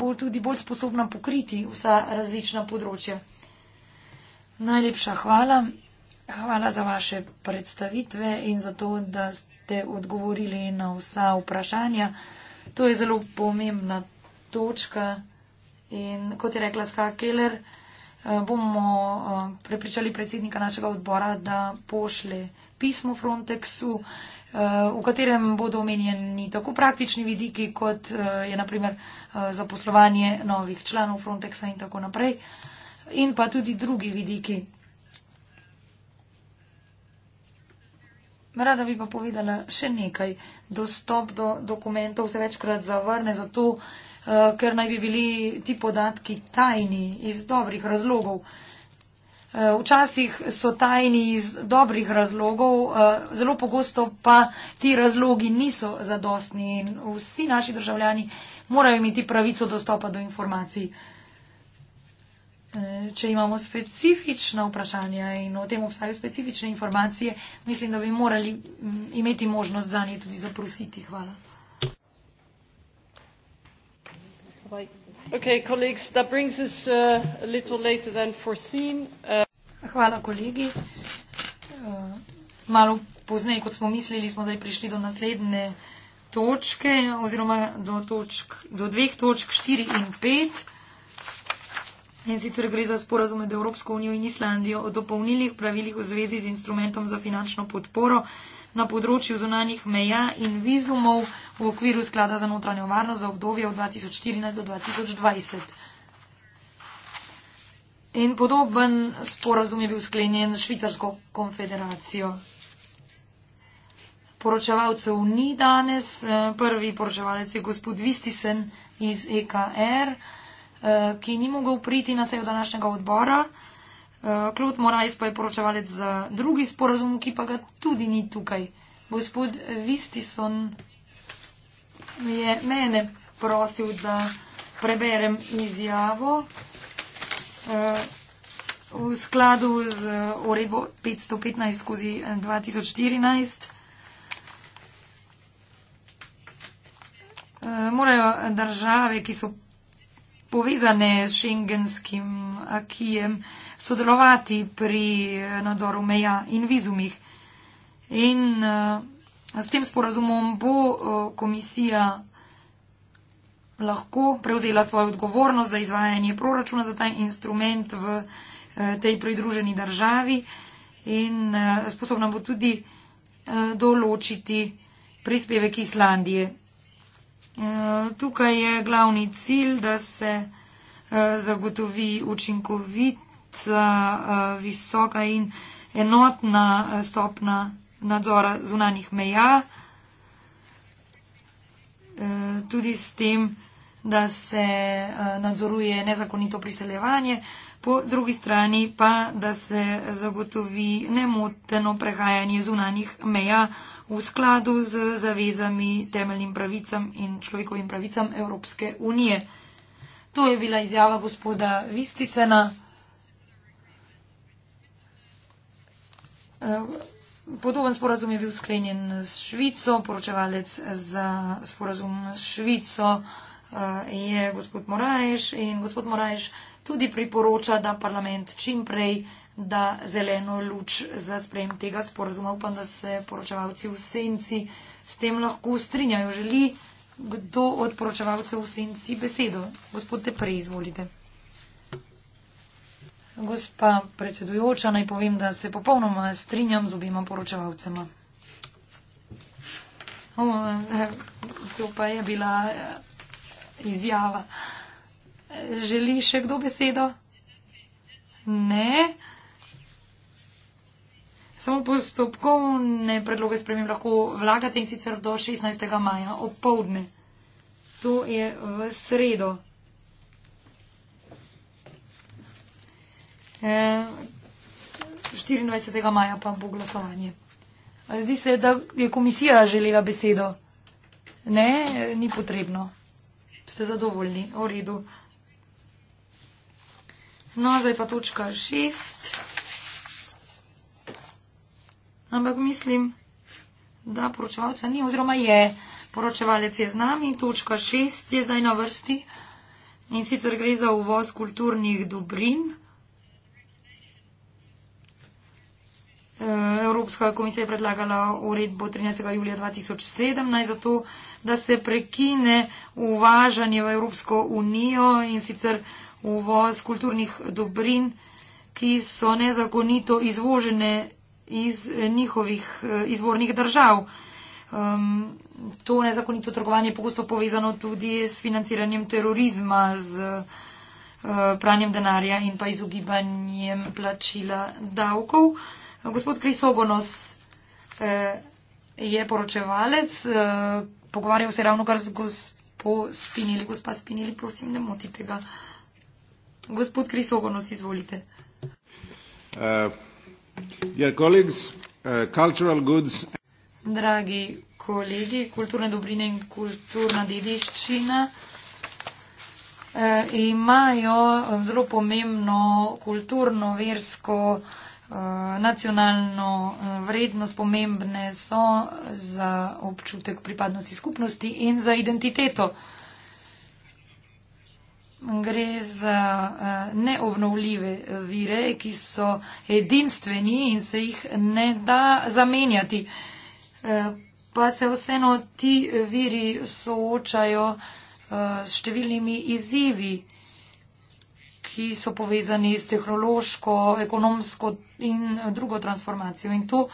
bo tudi bolj sposobna pokriti vsa različna področja. Najlepša hvala. Hvala za vaše predstavitve in za to, da ste odgovorili na vsa vprašanja. To je zelo pomembna točka. In kot je rekla Ska Keller, Eh, bomo eh, prepričali predsednika našega odbora, da pošle pismo Frontexu, eh, v katerem bodo omenjeni tako praktični vidiki, kot je naprimer zaposlovanje novih članov Frontexa in tako naprej, in pa tudi drugi vidiki. Rada bi pa povedala še nekaj. Dostop do dokumentov se večkrat zavrne, zato uh, Eh, ker naj bi bili ti podatki tajni iz dobrih razlogov. Eh, včasih so tajni iz dobrih razlogov, eh, zelo pogosto pa ti razlogi niso zadostni in vsi naši državljani morajo imeti pravico dostopa do informacij. Če imamo specifična vprašanja in o tem obstajajo specifične informacije, mislim, da bi morali mm, imeti možnost za nje tudi zaprositi. Hvala. Uh, uh, Hvala, kolegi. Uh, malo pozneje, kot smo mislili, smo zdaj prišli do naslednje točke oziroma do, točk, do dveh točk, štiri in pet. In sicer gre za sporazum med Evropsko unijo in Islandijo o dopolnilnih pravilih v zvezi z instrumentom za finančno podporo na področju zunanjih meja in vizumov v okviru sklada za notranjo varnost za obdobje od 2014 do 2020. In podoben sporazum je bil sklenjen s Švicarsko konfederacijo. Poročevalcev ni danes. Eh, prvi poročevalec je gospod Vistisen iz EKR, eh, ki ni mogel priti na sejo današnjega odbora. Klot eh, Morajs pa je poročevalec za drugi sporazum, ki pa ga tudi ni tukaj. Gospod Vistison je mene prosil, da preberem izjavo eh, v skladu z eh, urebo 515 skozi 2014. Morajo države, ki so povezane s šengenskim akijem, sodelovati pri eh, nadzoru meja in vizumih. In eh, s tem sporazumom bo eh, komisija lahko prevzela svojo odgovornost za izvajanje proračuna za ta instrument v tej pridruženi državi in sposobna bo tudi določiti prispevek Islandije. Eh, tukaj je glavni cilj, da se eh, zagotovi učinkovita, eh, visoka in enotna stopna nadzora zunanih meja. Tudi s tem, da se nadzoruje nezakonito priseljevanje, po drugi strani pa, da se zagotovi nemoteno prehajanje zunanih meja v skladu z zavezami temeljnim pravicam in človekovim pravicam Evropske unije. To je bila izjava gospoda Vistisena. Eh, podoben sporazum je bil sklenjen s Švico, poročevalec za sporazum s Švico eh, je gospod Moraješ in gospod Moraješ tudi priporoča, da parlament čim prej da zeleno luč za sprejem tega sporazuma. Upam, da se poročevalci v senci s tem lahko strinjajo. Želi kdo od poročevalcev v senci besedo? Gospod te prej izvolite. Gospa predsedujoča, naj povem, da se popolnoma strinjam z obima poročevalcema. O, eh, to pa je bila eh, izjava. Želi še kdo besedo? Ne. Samo postopkovne predloge spremem lahko vlagate in sicer do 16. maja, opovdne. To je v sredo. E, 24. maja pa bo glasovanje. Zdi se, da je komisija želela besedo. Ne, ni potrebno. Ste zadovoljni? V redu. No, zdaj pa točka šest. Ampak mislim, da poročevalca ni, oziroma je poročevalec je z nami, točka šest je zdaj na vrsti in sicer gre za uvoz kulturnih dobrin. E, Evropska komisija je predlagala uredbo 13. julija 2017 za to, da se prekine uvažanje v Evropsko unijo in sicer uvoz kulturnih dobrin, ki so nezakonito izvožene iz eh, njihovih eh, izvornih držav. Um, to nezakonito trgovanje je pogosto povezano tudi s financiranjem terorizma, z uh, pranjem denarja in pa izogibanjem plačila davkov. Gospod Krisogonos eh, je poročevalec, eh, pogovarjal se ravno kar z gospod Spinili. Gospa Spinili, prosim, ne motite ga. Eh, Gospod Krisogonos, izvolite. Uh, colleagues, uh, goods... Dragi kolegi, kulturne dobrine in kulturna dediščina uh, imajo um, zelo pomembno kulturno, versko, uh, nacionalno uh, vrednost, pomembne so za občutek pripadnosti skupnosti in za identiteto. Uh, gre za eh, neobnovljive eh, vire, ki so edinstveni in se jih ne da zamenjati. Eh, pa se vseeno ti viri soočajo s številnimi izzivi, ki so povezani s tehnološko, ekonomsko in drugo transformacijo. In to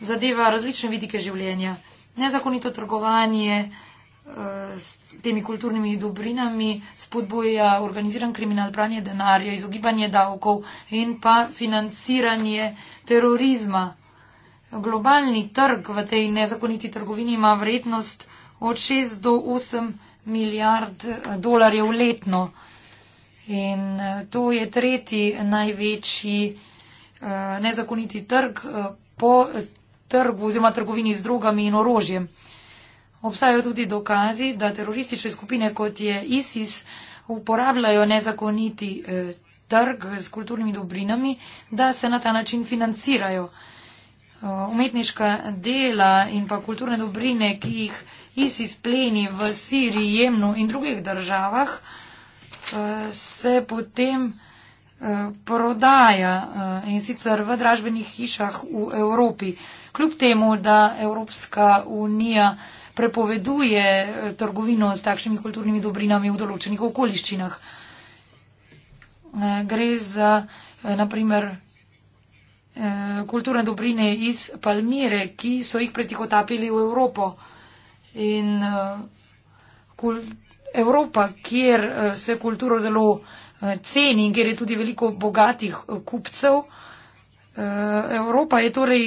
zadeva različne vidike življenja. Nezakonito trgovanje, Eh, s temi kulturnimi dobrinami spodboja organiziran kriminal, pranje denarja, izogibanje davkov in pa financiranje terorizma. Globalni trg v tej nezakoniti trgovini ima vrednost od 6 do 8 milijard eh, dolarjev letno. In eh, to je tretji največji nezakoniti trg po trgu oziroma trgovini z drogami in orožjem obstajajo tudi dokazi, da teroristične skupine, kot je ISIS, uporabljajo nezakoniti eh, trg z kulturnimi dobrinami, da se na ta način financirajo. Eh, umetniška dela in pa kulturne dobrine, ki jih ISIS pleni v Siriji, Jemnu in drugih državah, eh, se potem prodaja in sicer v dražbenih hišah v Evropi. Kljub temu, da Evropska unija prepoveduje eh, trgovino s takšnimi kulturnimi dobrinami v določenih okoliščinah. Eh, gre za, eh, naprimer, kulturne dobrine iz Palmire, ki so jih pretihotapili v Evropo. In kul Evropa, kjer se kulturo zelo ceni in kjer je tudi veliko bogatih kupcev, Evropa je torej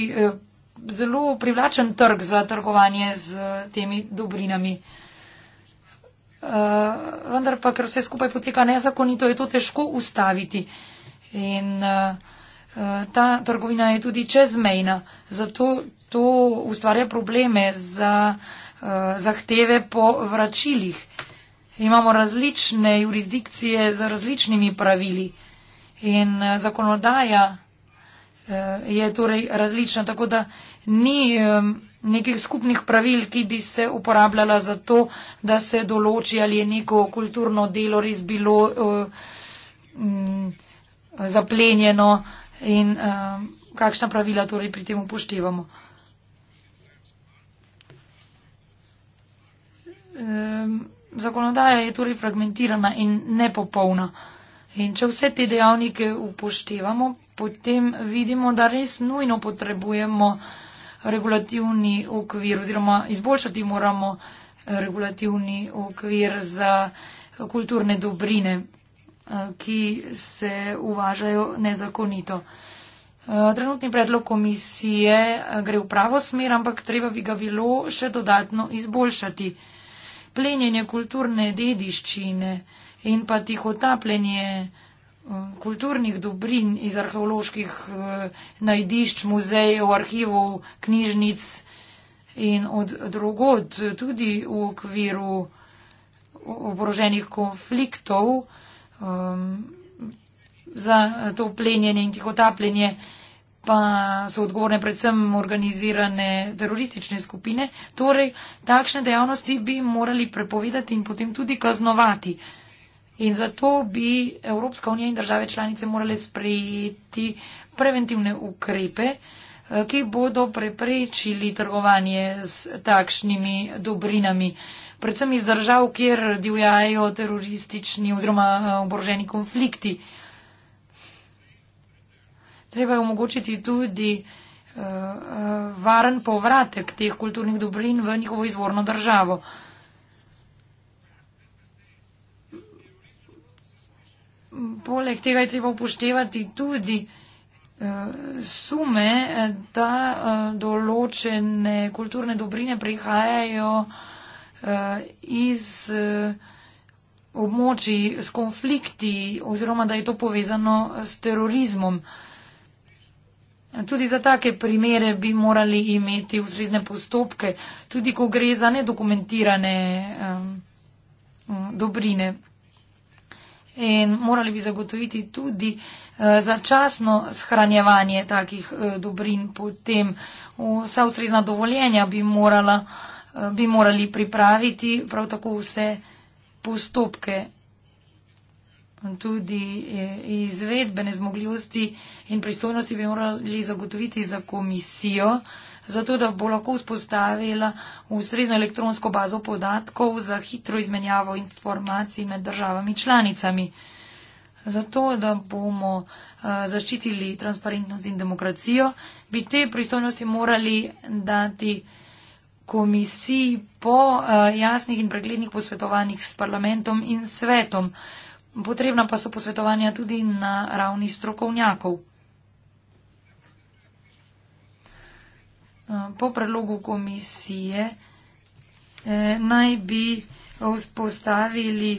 zelo privlačen trg za trgovanje z temi dobrinami. Eh, vendar pa, ker vse skupaj poteka nezakonito, je to težko ustaviti. In eh, eh, ta trgovina je tudi čezmejna, zato to ustvarja probleme za zahteve po vračilih. Imamo različne jurisdikcije z različnimi pravili in zakonodaja je torej različna, tako da ni nekih skupnih pravil, ki bi se uporabljala za to, da se določi, ali je neko kulturno delo res bilo eh, mm, zaplenjeno in kakšna pravila torej pri tem upoštevamo. Zakonodaja je torej fragmentirana in nepopolna. In če vse te dejavnike upoštevamo, potem vidimo, da res nujno potrebujemo uh, regulativni okvir oziroma izboljšati moramo eh, regulativni okvir za kulturne dobrine, eh, ki se uvažajo nezakonito. Eh, trenutni predlog komisije gre v pravo smer, ampak treba bi ga bilo še dodatno izboljšati. Plenjenje kulturne dediščine in pa tihotapljenje kulturnih dobrin iz arheoloških eh, najdišč, muzejev, arhivov, knjižnic in od drugod, tudi v okviru oboroženih konfliktov um, za to plenjenje in tihotapljenje pa so odgovorne predvsem organizirane teroristične skupine. Torej, takšne dejavnosti bi morali prepovedati in potem tudi kaznovati. Uh, In zato bi Evropska unija in države članice morale sprejeti preventivne ukrepe, eh, ki bodo preprečili trgovanje z takšnimi dobrinami. Predvsem iz držav, kjer divjajo teroristični oziroma eh, oboroženi konflikti. Treba je omogočiti tudi uh, varen povratek teh kulturnih dobrin v njihovo izvorno državo. Uh, poleg tega je treba upoštevati tudi uh, sume, eh, da uh, določene kulturne dobrine prihajajo uh, iz uh, območij s konflikti oziroma da je to povezano s terorizmom. Tudi za take primere bi morali imeti ustrezne postopke, tudi ko gre za nedokumentirane um, dobrine in morali bi zagotoviti tudi eh, začasno shranjevanje takih eh, dobrin, potem vsa ustrezna dovoljenja bi, morala, eh, bi morali pripraviti, prav tako vse postopke, tudi eh, izvedbene zmogljivosti in pristojnosti bi morali zagotoviti za komisijo, eh, zato da bo lahko vzpostavila ustrezno elektronsko bazo podatkov za hitro izmenjavo informacij med državami članicami. Zato, da bomo eh, zaščitili transparentnost in demokracijo, bi te pristojnosti morali dati komisiji po eh, jasnih in preglednih posvetovanjih s parlamentom in svetom. Potrebna pa so posvetovanja tudi na ravni strokovnjakov. Eh, po predlogu komisije eh, naj bi vzpostavili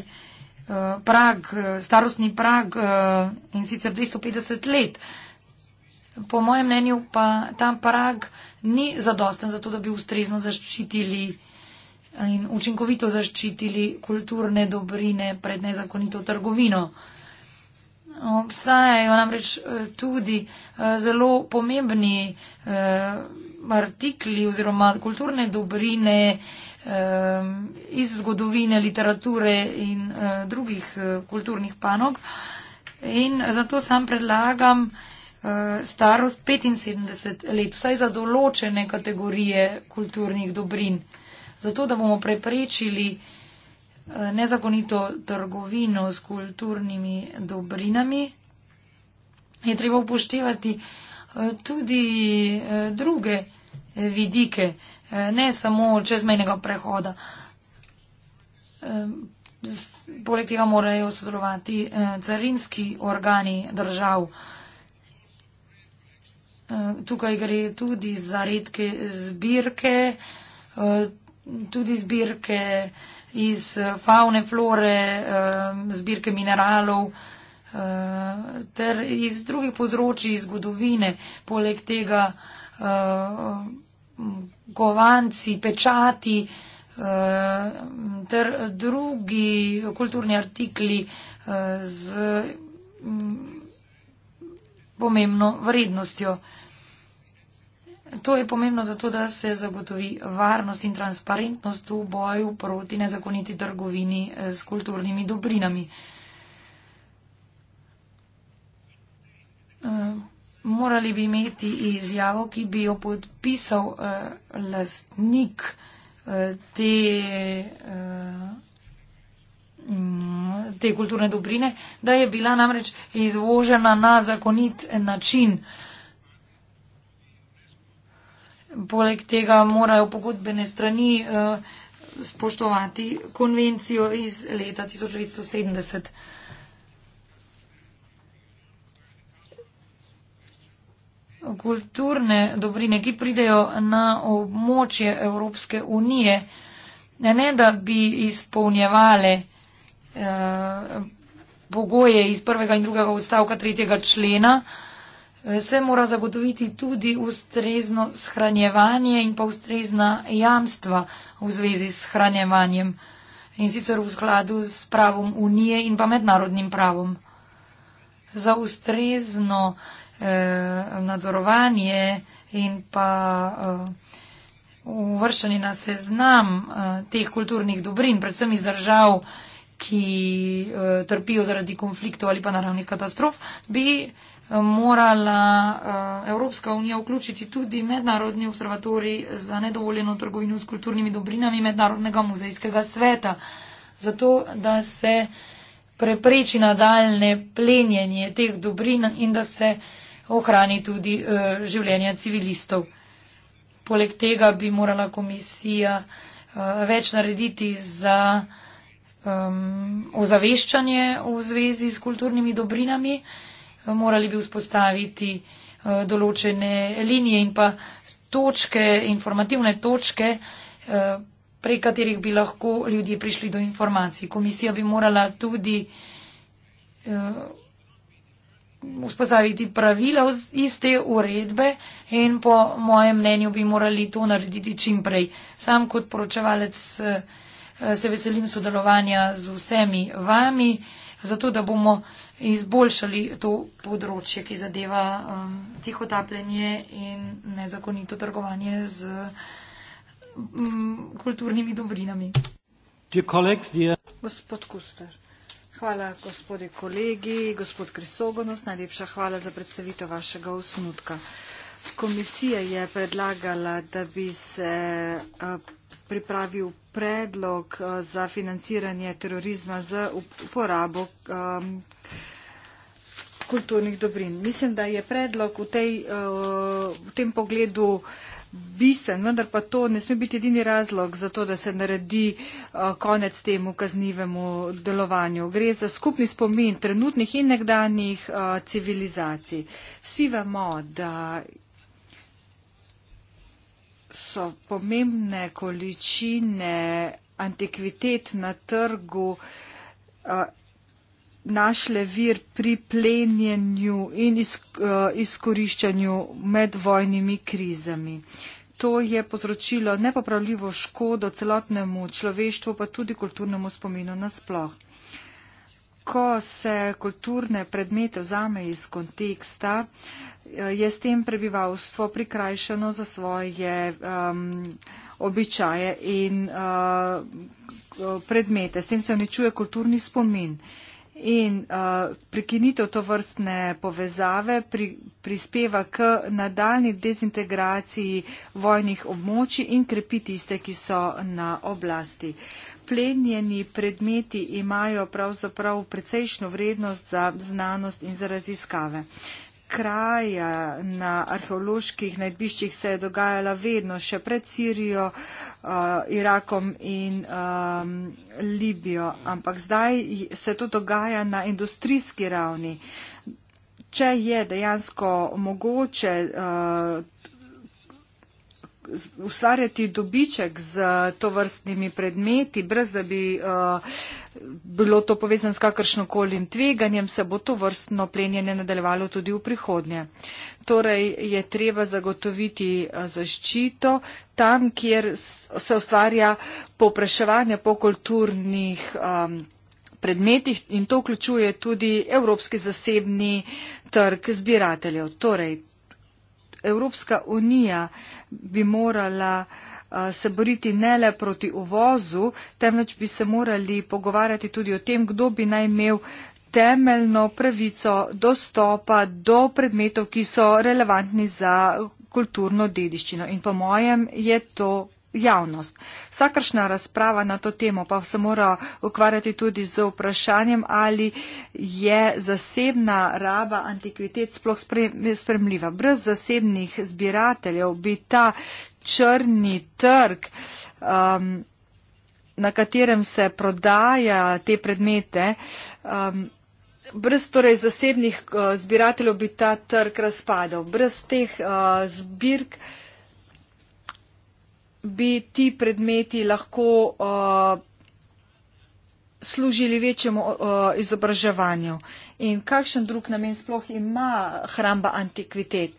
eh, prag, starostni prag in sicer 250 let. Po mojem mnenju pa ta prag ni zadosten za to, da bi ustrezno zaščitili in učinkovito zaščitili kulturne dobrine pred nezakonito trgovino. Obstajajo namreč tudi zelo pomembni artikli oziroma kulturne dobrine iz zgodovine, literature in eh, drugih eh, kulturnih panog. In zato sam predlagam eh, starost 75 let, vsaj za določene kategorije kulturnih dobrin, zato da bomo preprečili nezakonito trgovino s kulturnimi dobrinami. Je treba upoštevati tudi druge vidike, eh, ne samo čezmejnega prehoda. Eh, poleg tega morajo sodelovati eh, carinski organi držav. Tukaj gre tudi za redke zbirke, tudi zbirke iz faune, flore, zbirke mineralov ter iz drugih področji zgodovine. Poleg tega uh, eh, govanci, pečati, eh, ter drugi kulturni artikli eh, z mm, pomembno vrednostjo. To je pomembno zato, da se zagotovi varnost in transparentnost v boju proti nezakoniti trgovini s kulturnimi dobrinami morali bi imeti izjavo, ki bi jo podpisal uh, lastnik uh, te, uh, te kulturne dobrine, da je bila namreč izvožena na zakonit način. Poleg tega morajo pogodbene strani uh, spoštovati konvencijo iz leta 1970. kulturne dobrine, ki pridejo na območje Evropske unije, ne da bi izpolnjevale eh, pogoje iz prvega in drugega odstavka tretjega člena, eh, se mora zagotoviti tudi ustrezno shranjevanje in pa ustrezna jamstva v zvezi s shranjevanjem in sicer v skladu s pravom Unije in pa mednarodnim pravom. Za ustrezno Eh, nadzorovanje in pa eh, uvrščanje na seznam eh, teh kulturnih dobrin, predvsem iz držav, ki trpijo zaradi konfliktov ali pa naravnih katastrof, bi morala Evropska unija vključiti tudi mednarodni observatori za nedovoljeno trgovino s kulturnimi dobrinami Mednarodnega muzejskega sveta, zato da se prepreči nadaljne plenjenje teh dobrin in da se uh, ohrani tudi uh, življenja civilistov. Poleg tega bi morala komisija uh, več narediti za um, ozaveščanje v zvezi s kulturnimi dobrinami, eh, morali bi vzpostaviti uh, določene linije in pa točke, informativne točke, uh, prek katerih bi lahko ljudje prišli do informacij. Komisija bi morala tudi vzpostaviti pravila iz te uredbe in po mojem mnenju bi morali to narediti čim prej. Sam kot poročevalec eh, se veselim sodelovanja z vsemi vami, zato da bomo izboljšali to področje, ki zadeva um, tiho tapljenje in nezakonito trgovanje z um, kulturnimi dobrinami. Gospod Kuster. Hvala, gospodi kolegi. Gospod Krisogonos, najlepša hvala za predstavitev vašega osnutka. Komisija je predlagala, da bi se eh, pripravil predlog eh, za financiranje terorizma z uporabo ehm, kulturnih dobrin. Mislim, da je predlog v, tej, eh, v tem pogledu bistven, vendar pa to ne sme biti edini razlog za to, da se naredi eh, konec temu kaznivemu delovanju. Gre za skupni spomin trenutnih in nekdanjih eh, civilizacij. Vsi vemo, da so pomembne količine antikvitet na trgu eh, našle vir pri plenjenju in izk, uh, eh, izkoriščanju med vojnimi krizami. To je povzročilo nepopravljivo škodo celotnemu človeštvu, pa tudi kulturnemu spominu nasploh. Ko se kulturne predmete vzame iz konteksta, eh, je s tem prebivalstvo prikrajšeno za svoje um, običaje in uh, predmete. S tem se uničuje kulturni spomin. Uh, in uh, prekinitev to vrstne povezave pri, prispeva k nadaljni dezintegraciji vojnih območij in krepi tiste, ki so na oblasti. Plenjeni predmeti imajo pravzaprav precejšno vrednost za znanost in za raziskave kraja na arheoloških najdbiščih se je dogajala vedno, še pred Sirijo, uh, Irakom in um, Libijo, ampak zdaj se to dogaja na industrijski ravni. Če je dejansko mogoče uh, ustvarjati dobiček z eh, to vrstnimi predmeti, brez da bi uh, bilo to povezano s kakršnokolim tveganjem, se bo to vrstno plenjenje nadaljevalo tudi v prihodnje. Torej je treba zagotoviti eh, zaščito tam, kjer se ustvarja popraševanje po kulturnih um, predmetih in to vključuje tudi evropski zasebni trg zbirateljev. Torej, Evropska unija bi morala se boriti ne le proti uvozu, temveč bi se morali pogovarjati tudi o tem, kdo bi naj imel temeljno pravico dostopa do predmetov, ki so relevantni za kulturno dediščino. In po mojem je to javnost. Vsakršna razprava na to temo pa se mora ukvarjati tudi z vprašanjem, ali je zasebna raba antikvitet sploh spremljiva. Brez zasebnih zbirateljev bi ta črni trg, um, na katerem se prodaja te predmete, um, Brez torej zasebnih uh, zbirateljev bi ta trg razpadel. Brez teh uh, zbirk uh, bi ti predmeti lahko uh, služili večjemu uh, izobraževanju in kakšen drug namen sploh ima hramba antikvitet.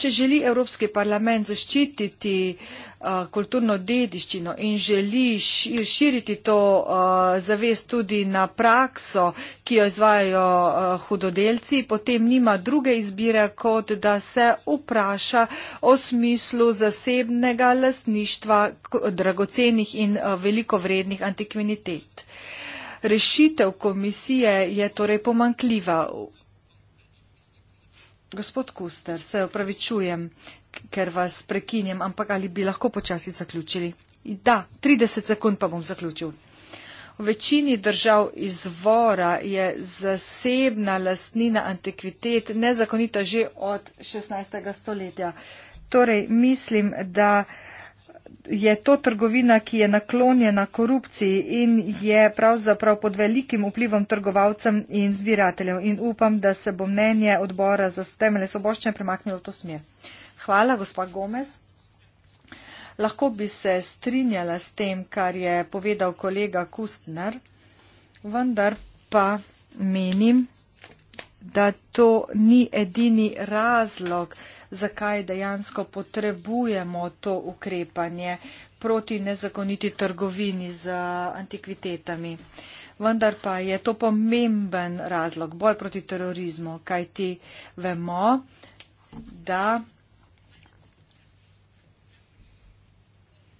Če želi Evropski parlament zaščititi uh, kulturno dediščino in želi širiti to uh, zavest tudi na prakso, ki jo izvajajo uh, hudodelci, potem nima druge izbire, kot da se vpraša o smislu zasebnega lasništva dragocenih in veliko vrednih antikvinitet rešitev komisije je torej pomankljiva. Gospod Kuster, se opravičujem, ker vas prekinjem, ampak ali bi lahko počasi zaključili? Da, 30 sekund pa bom zaključil. V večini držav izvora je zasebna lastnina antikvitet nezakonita že od 16. stoletja. Torej, mislim, da je to trgovina, ki je naklonjena korupciji in je pravzaprav pod velikim vplivom trgovalcem in zbirateljev. In upam, da se bo mnenje odbora za temelje soboščine premaknilo v to smer. Hvala, gospod Gomez. Lahko bi se strinjala s tem, kar je povedal kolega Kustner, vendar pa menim, da to ni edini razlog, zakaj dejansko potrebujemo to ukrepanje proti nezakoniti trgovini z eh, antikvitetami. Vendar pa je to pomemben razlog, boj proti terorizmu, kaj ti vemo, da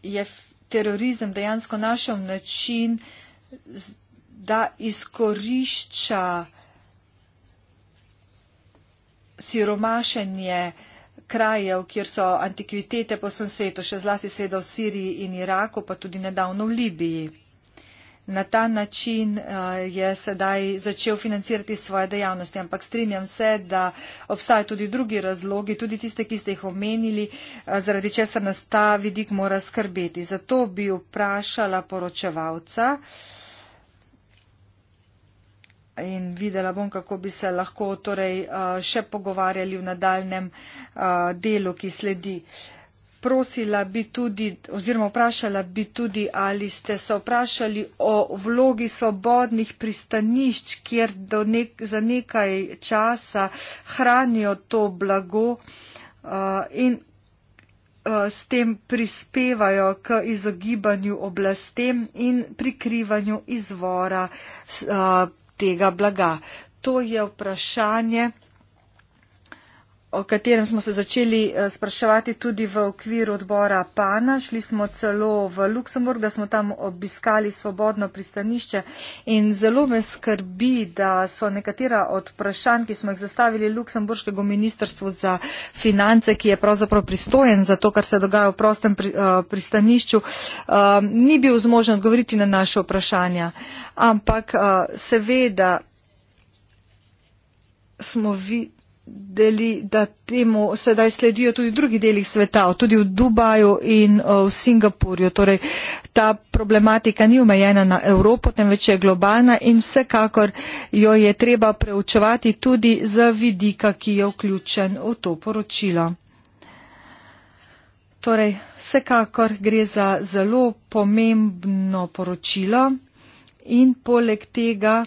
je terorizem dejansko našel način, da izkorišča siromašenje krajev, kjer so antikvitete po vsem svetu, še zlasti seveda v Siriji in Iraku, pa tudi nedavno v Libiji. Na ta način eh, je sedaj začel financirati svoje dejavnosti, ampak strinjam se, da obstajajo tudi drugi razlogi, tudi tiste, ki ste jih omenili, eh, zaradi česar nas ta vidik mora skrbeti. Zato bi vprašala poročevalca in videla bom, kako bi se lahko torej eh, še pogovarjali v nadaljem eh, delu, ki sledi. Prosila bi tudi, oziroma vprašala bi tudi, ali ste se vprašali o vlogi svobodnih pristanišč, kjer nek, za nekaj časa hranijo to blago eh, in s tem prispevajo k izogibanju oblastem in prikrivanju izvora tega blaga? To je vprašanje o katerem smo se začeli eh, spraševati tudi v okviru odbora PANA. Šli smo celo v Luksemburg, da smo tam obiskali svobodno pristanišče in zelo me skrbi, da so nekatera od vprašanj, ki smo jih zastavili Luksemburškemu ministrstvu za finance, ki je pravzaprav pristojen za to, kar se dogaja v prostem eh, pristanišču, eh, ni bil zmožen odgovoriti na naše vprašanja. Ampak seveda smo videli, deli, da temu sedaj sledijo tudi v drugih delih sveta, tudi v Dubaju in v Singapurju. Torej, ta problematika ni omejena na Evropo, temveč je globalna in vsekakor jo je treba preučevati tudi z vidika, ki je vključen v to poročilo. Torej, vsekakor gre za zelo pomembno poročilo in poleg tega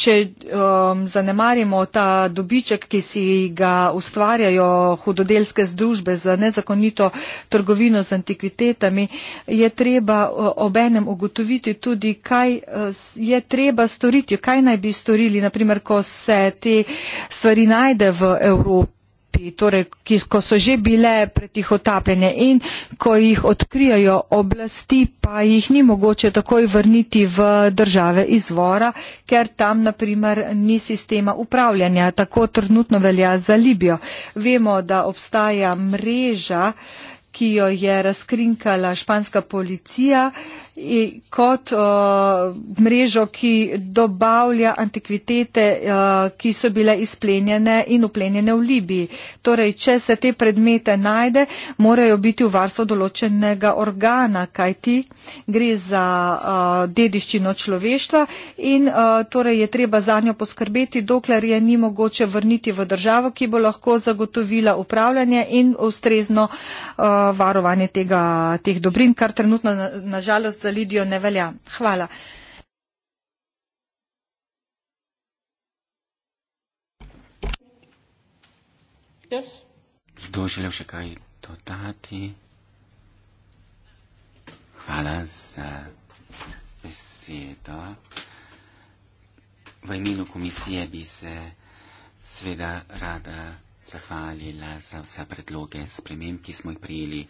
če um, zanemarimo ta dobiček, ki si ga ustvarjajo hudodelske združbe za nezakonito trgovino z antikvitetami, je treba obenem ugotoviti tudi, kaj je treba storiti, kaj naj bi storili, naprimer, ko se te stvari najde v Evropi. Evropi, torej, ki, ko so že bile pretihotapljene in ko jih odkrijajo oblasti, pa jih ni mogoče takoj vrniti v države izvora, ker tam, naprimer, ni sistema upravljanja, tako trenutno velja za Libijo. Vemo, da obstaja mreža, ki jo je razkrinkala španska policija kot uh, mrežo, ki dobavlja antikvitete, uh, ki so bile izplenjene in uplenjene v Libiji. Torej, če se te predmete najde, morajo biti v varstvo določenega organa, kajti gre za uh, dediščino človeštva in uh, torej je treba za njo poskrbeti, dokler je ni mogoče vrniti v državo, ki bo lahko zagotovila upravljanje in ustrezno uh, varovanje tega, teh dobrin, kar trenutno na, na žalost za Lidijo ne velja. Hvala. Yes. Kdo želel še kaj dodati? Hvala za besedo. V imenu komisije bi se sveda rada zahvalila za vse predloge sprememb, ki smo jih prijeli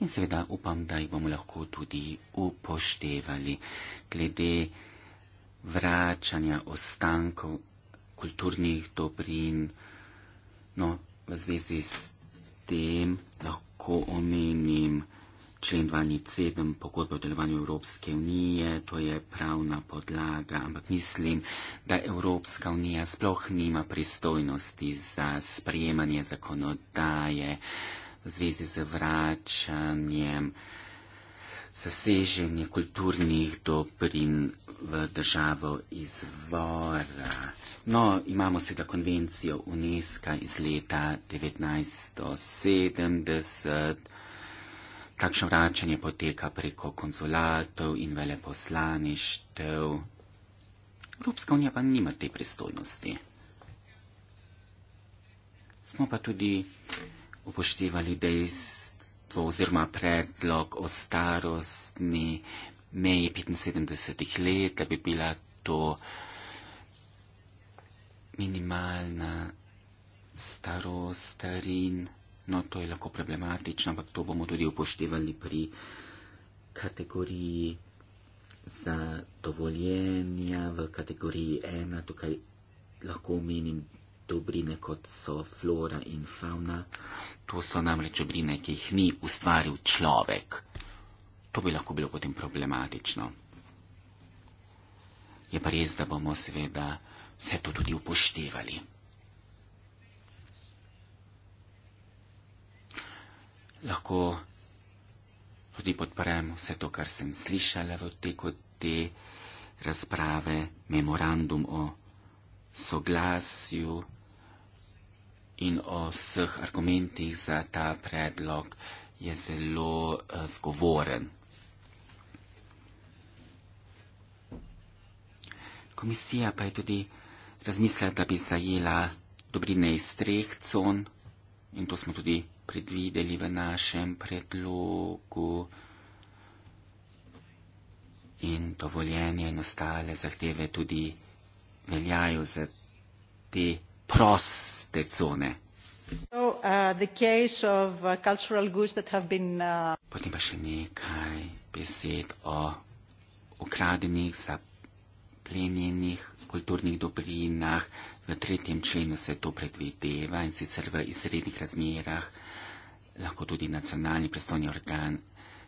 in seveda upam, da jih bomo lahko tudi upoštevali. Glede vračanja ostankov kulturnih dobrin, no, v zvezi s tem lahko omenim člen 27 pogodbe o delovanju Evropske unije, to je pravna podlaga, ampak mislim, da Evropska unija sploh nima pristojnosti za sprejemanje zakonodaje v zvezi z vračanjem zaseženje kulturnih dobrin v državo izvora. No, imamo seveda konvencijo UNESCO iz leta 1970. Takšno vračanje poteka preko konzulatov in veleposlaništev. Evropska unija pa nima te pristojnosti. Smo pa tudi upoštevali dejstvo oziroma predlog o starostni meji 75 let, da bi bila to minimalna starost starin. No, to je lahko problematično, ampak to bomo tudi upoštevali pri kategoriji za dovoljenja v kategoriji ena. Tukaj lahko omenim dobrine, kot so flora in fauna. To so namreč dobrine, ki jih ni ustvaril človek. To bi lahko bilo potem problematično. Je pa res, da bomo seveda vse to tudi upoštevali. Lahko tudi podprem vse to, kar sem slišala v teku te razprave, memorandum o soglasju in o vseh argumentih za ta predlog je zelo eh, zgovoren. Komisija pa je tudi razmislila, da bi zajela dobrine iz treh con in to smo tudi predvideli v našem predlogu in dovoljenje in ostale zahteve tudi veljajo za te predloge proste cone. Uh, uh, uh, Potem pa še nekaj besed o ukradenih, zaplenjenih kulturnih dobrinah. V tretjem členu se to predvideva in sicer v izrednih razmerah lahko tudi nacionalni predstavni organ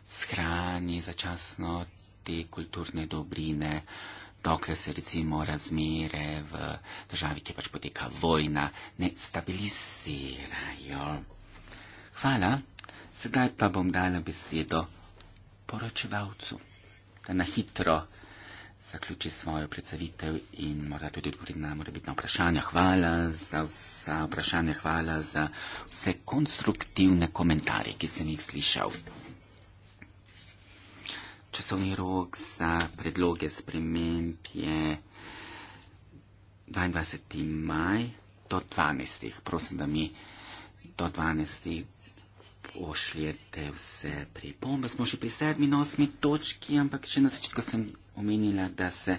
shrani začasno te kulturne dobrine dokler se recimo razmere v državi, ki pač poteka vojna, ne stabilizirajo. Hvala. Sedaj pa bom dala besedo poročevalcu, da na hitro zaključi svojo predstavitev in mora tudi odgovoriti na morebitna vprašanja. Hvala za vsa vprašanja, hvala za vse konstruktivne komentarje, ki sem jih slišal časovni rok za predloge sprememb je 22. maj do 12. Prosim, da mi do 12. pošljete vse pripombe. Smo še pri sedmi in osmi točki, ampak še na začetku sem omenila, da se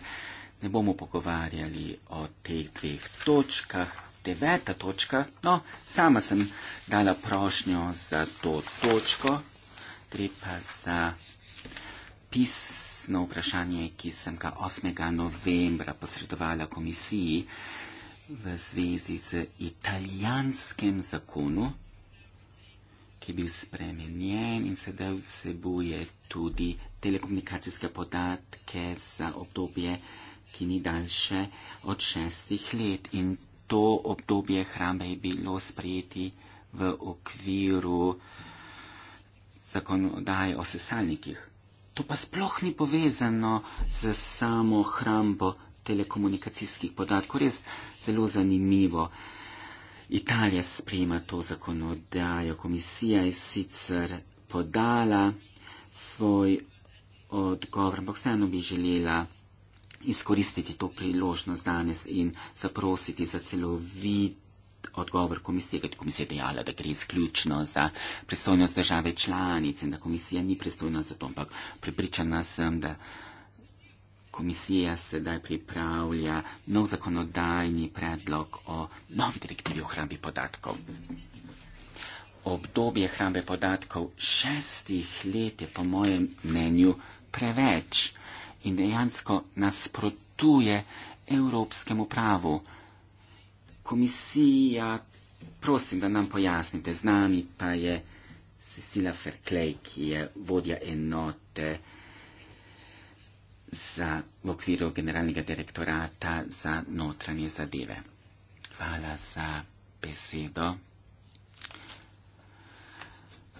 ne bomo pogovarjali o teh dveh točkah. Deveta točka, no, sama sem dala prošnjo za to točko, gre pa za pisno vprašanje, ki sem ga 8. novembra posredovala komisiji v zvezi z italijanskim zakonom, ki je bil spremenjen in sedaj vsebuje tudi telekomunikacijske podatke za obdobje, ki ni daljše od šestih let. In to obdobje hrambe je bilo sprejeti v okviru zakonodaje o sesalnikih. To pa sploh ni povezano z samo hrambo telekomunikacijskih podatkov. Res zelo zanimivo. Italija sprejema to zakonodajo. Komisija je sicer podala svoj odgovor, ampak vseeno bi želela izkoristiti to priložnost danes in zaprositi za celovit odgovor komisije, kajti komisija je dejala, da gre izključno za pristojnost države članic in da komisija ni pristojna za to, ampak pripričana sem, da komisija sedaj pripravlja nov zakonodajni predlog o novi direktivi o hrambi podatkov. Obdobje hrambe podatkov šestih let je po mojem mnenju preveč in dejansko nasprotuje evropskemu pravu komisija, prosim, da nam pojasnite, z nami pa je Cecilia Ferklej, ki je vodja enote za, v okviru generalnega direktorata za notranje zadeve. Hvala za besedo.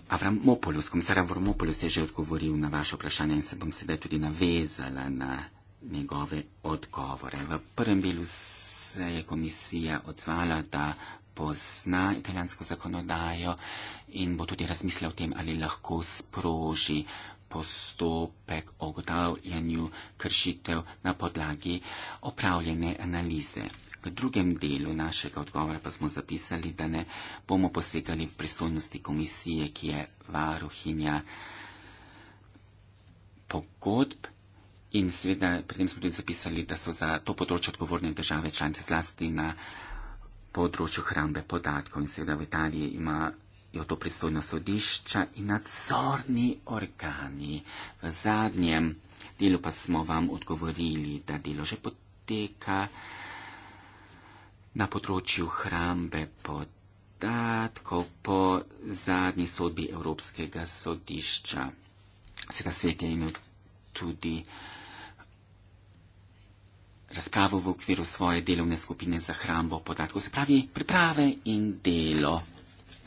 Avramopolus, komisar Avramopolus je že odgovoril na vaše vprašanje in se bom sedaj tudi navezala na njegove odgovore. V prvem delu se je komisija odzvala, da pozna italijansko zakonodajo in bo tudi razmislila o tem, ali lahko sproži postopek o ugotavljanju kršitev na podlagi opravljene analize. V drugem delu našega odgovora pa smo zapisali, da ne bomo posegali pristojnosti komisije, ki je varuhinja pogodb In seveda, predtem smo tudi zapisali, da so za to področje odgovorne države članice zlasti na področju hrambe podatkov. In seveda v Italiji ima jo to pristojno sodišča in nadzorni organi. V zadnjem delu pa smo vam odgovorili, da delo že poteka na področju hrambe podatkov po zadnji sodbi Evropskega sodišča. Seveda svet je in tudi razpravo v okviru svoje delovne skupine za hrambo podatkov. Se pravi, priprave in delo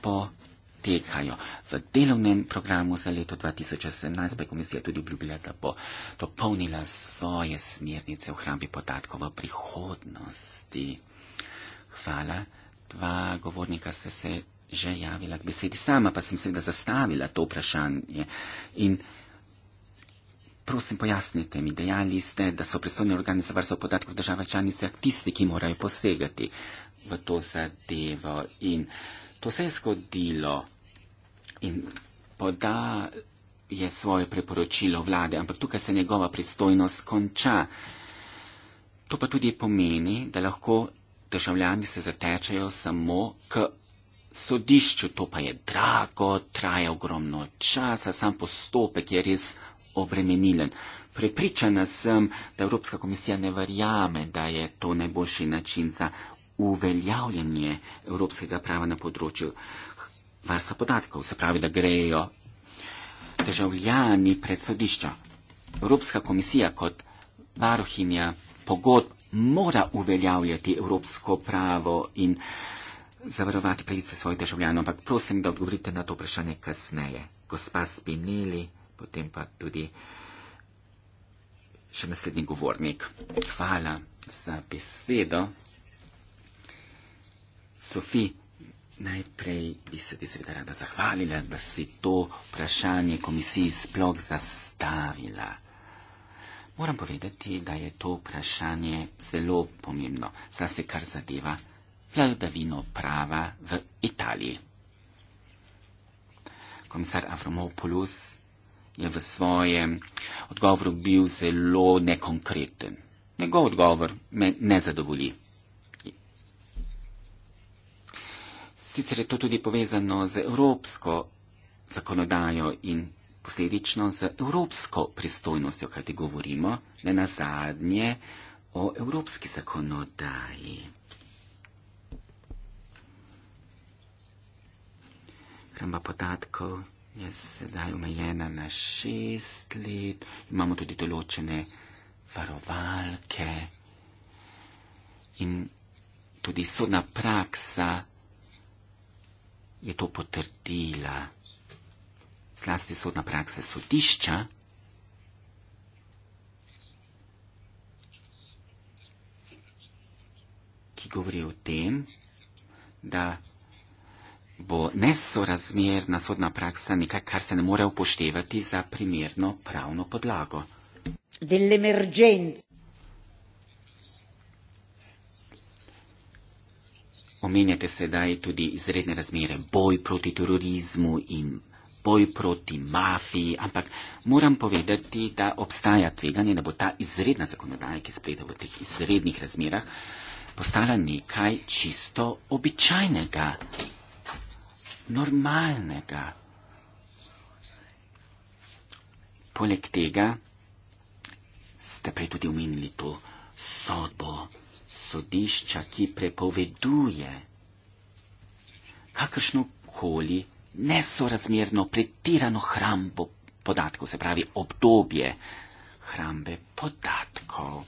potekajo. V delovnem programu za leto 2018 pa je komisija tudi obljubila, da bo dopolnila svoje smernice v hrambi podatkov v prihodnosti. Hvala. Dva govornika ste se že javila k besedi sama, pa sem seveda zastavila to vprašanje. In Prosim, pojasnite mi, dejali ste, da so pristojni organi za varstvo podatkov v državah članicah tisti, ki morajo posegati v to zadevo. In to se je zgodilo in poda je svoje preporočilo vlade, ampak tukaj se njegova pristojnost konča. To pa tudi pomeni, da lahko državljani se zatečajo samo k sodišču. To pa je drago, traja ogromno časa, sam postopek je res obremenilen. Prepričana sem, da Evropska komisija ne verjame, da je to najboljši način za uveljavljanje evropskega prava na področju varstva podatkov. Se pravi, da grejo državljani pred sodišča. Evropska komisija kot varohinja pogodb mora uveljavljati evropsko pravo in zavarovati pravice svojih državljanov. Ampak prosim, da odgovorite na to vprašanje kasneje. Gospa Spinelli potem pa tudi še naslednji govornik. Hvala za besedo. Sofi, najprej bi se ti seveda rada zahvalila, da si to vprašanje komisiji sploh zastavila. Moram povedati, da je to vprašanje zelo pomembno, saj se kar zadeva vladavino prava v Italiji. Komisar Avromopoulos je v svojem odgovoru bil zelo nekonkreten. Njegov odgovor me ne zadovolji. Sicer je to tudi povezano z evropsko zakonodajo in posledično z evropsko pristojnostjo, kajti govorimo ne na zadnje o evropski zakonodaji. Hramba podatkov je sedaj omejena na šest let, imamo tudi določene varovalke in tudi sodna praksa je to potrdila. Zlasti sodna praksa sodišča. Ki govori o tem, da bo nesorazmerna sodna praksa nekaj, kar se ne more upoštevati za primerno pravno podlago. Omenjate sedaj tudi izredne razmere, boj proti terorizmu in boj proti mafiji, ampak moram povedati, da obstaja tveganje, da bo ta izredna zakonodaja, ki spleda v teh izrednih razmerah, postala nekaj čisto običajnega normalnega. Poleg tega ste prej tudi umenili to sodbo sodišča, ki prepoveduje kakršno koli nesorazmerno pretirano hrambo podatkov, se pravi obdobje hrambe podatkov.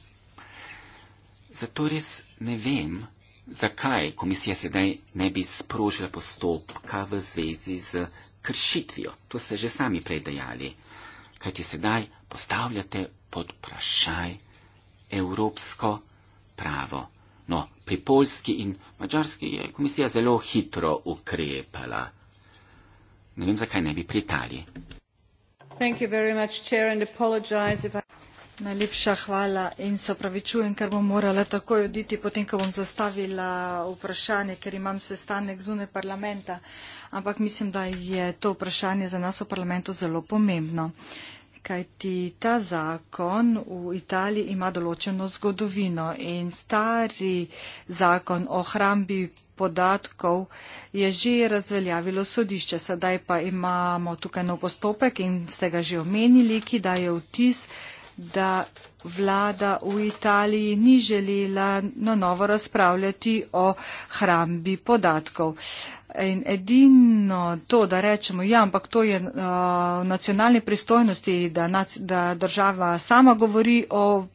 Zato res ne vem, zakaj komisija sedaj ne bi sprožila postopka v zvezi z kršitvijo. To ste že sami predajali, kajti sedaj postavljate pod vprašaj evropsko pravo. No, pri Polski in Mačarski je komisija zelo hitro ukrepala. Ne vem, zakaj ne bi pri Italiji. Najlepša hvala in se opravičujem, ker bom morala takoj oditi, potem, ko bom zastavila vprašanje, ker imam sestanek zune parlamenta. Ampak mislim, da je to vprašanje za nas v parlamentu zelo pomembno. Kaj ti ta zakon v Italiji ima določeno zgodovino in stari zakon o hrambi podatkov je že razveljavilo sodišče, sedaj pa imamo tukaj nov postopek in ste ga že omenili, ki daje vtis, da vlada v Italiji ni želela na novo razpravljati o hrambi podatkov. In edino to, da rečemo, ja, ampak to je uh, v uh, nacionalni pristojnosti, da, nac, da država sama govori o uh,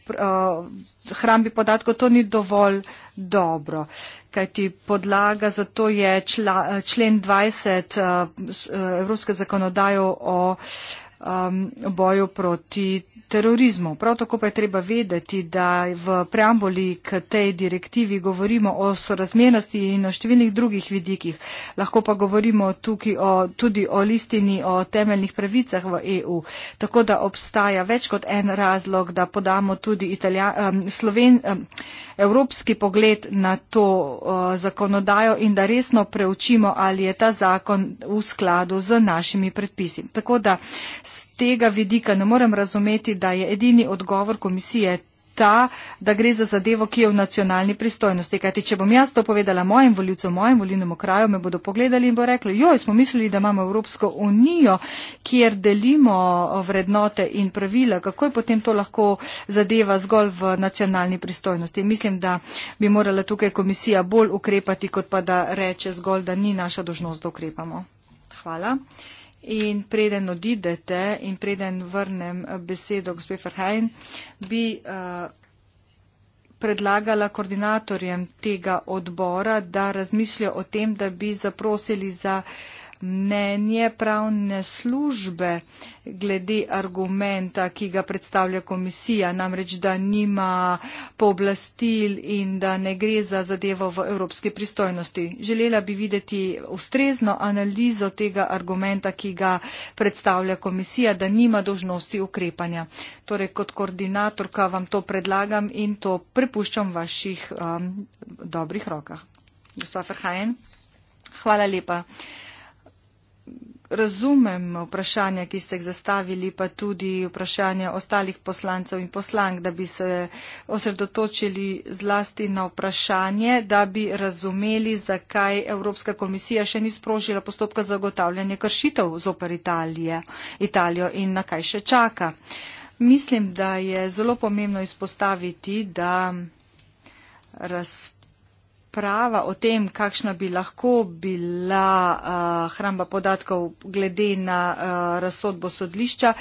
hrambi podatkov, to ni dovolj dobro. Kajti podlaga za to je čla, člen 20 uh, uh, Evropske zakonodaje o um, boju proti terorizmu. Prav tako pa je treba vedeti, da v preambuli k tej direktivi govorimo o sorazmernosti in o številnih drugih vidikih. Lahko pa govorimo tukaj o, tudi o listini o temeljnih pravicah v EU. Tako da obstaja več kot en razlog, da podamo tudi Italija, um, Sloven, um, evropski pogled na to uh, zakonodajo in da resno preučimo, ali je ta zakon v skladu z našimi predpisi. Tako da tega vidika ne morem razumeti, da je edini odgovor komisije ta, da gre za zadevo, ki je v nacionalni pristojnosti. Kajti, če bom jaz to povedala mojim voljivcem, mojim volilnemu kraju, me bodo pogledali in bo rekli, joj, smo mislili, da imamo Evropsko unijo, kjer delimo vrednote in pravila, kako je potem to lahko zadeva zgolj v nacionalni pristojnosti. Mislim, da bi morala tukaj komisija bolj ukrepati, kot pa da reče zgolj, da ni naša dožnost, da ukrepamo. Hvala. In preden odidete in preden vrnem eh, besedo gospe Ferhajn, bi eh, predlagala koordinatorjem tega odbora, da razmislijo o tem, da bi zaprosili za mnenje pravne službe glede argumenta, ki ga predstavlja komisija, namreč, da nima pooblastil in da ne gre za zadevo v evropski pristojnosti. Želela bi videti ustrezno analizo tega argumenta, ki ga predstavlja komisija, da nima dožnosti ukrepanja. Torej, kot koordinatorka vam to predlagam in to prepuščam v vaših um, dobrih rokah. Gospod Ferhajen, hvala lepa. Razumem vprašanja, ki ste jih zastavili, pa tudi vprašanja ostalih poslancev in poslank, da bi se osredotočili zlasti na vprašanje, da bi razumeli, zakaj Evropska komisija še ni sprožila postopka za ugotavljanje kršitev zoper Italije, Italijo in na kaj še čaka. Mislim, da je zelo pomembno izpostaviti, da razpravljamo prava o tem, kakšna bi lahko bila uh, hramba podatkov glede na uh, razsodbo sodlišča,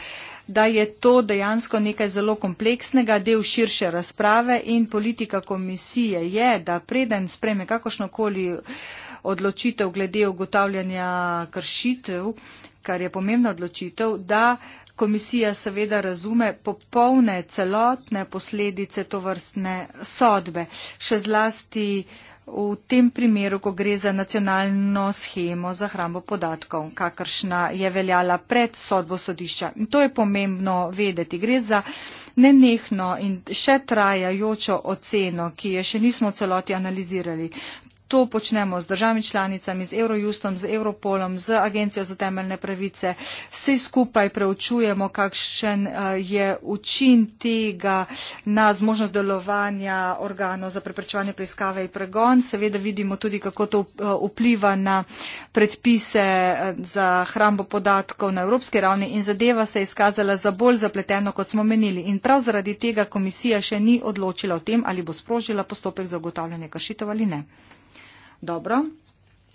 da je to dejansko nekaj zelo kompleksnega, del širše razprave in politika komisije je, da preden spreme kakošnokoli odločitev glede ugotavljanja kršitev, kar je pomembna odločitev, da komisija seveda razume popolne celotne posledice tovrstne sodbe. Še zlasti uh, v tem primeru, ko gre za nacionalno schemo za hrambo podatkov, kakršna je veljala pred sodbo sodišča. In to je pomembno vedeti. Gre za nenehno in še trajajočo oceno, ki je še nismo celoti analizirali. To počnemo z državami članicami, z Eurojustom, z Europolom, z Agencijo za temeljne pravice. Vsi skupaj preučujemo, kakšen eh, je učin tega na zmožnost delovanja organov za preprečevanje preiskave in pregon. Seveda vidimo tudi, kako to eh, vpliva na predpise eh, za hrambo podatkov na evropski ravni in zadeva se je izkazala za bolj zapleteno, kot smo menili. In prav zaradi tega komisija še ni odločila o tem, ali bo sprožila postopek za ugotavljanje kršitev ali ne dobro.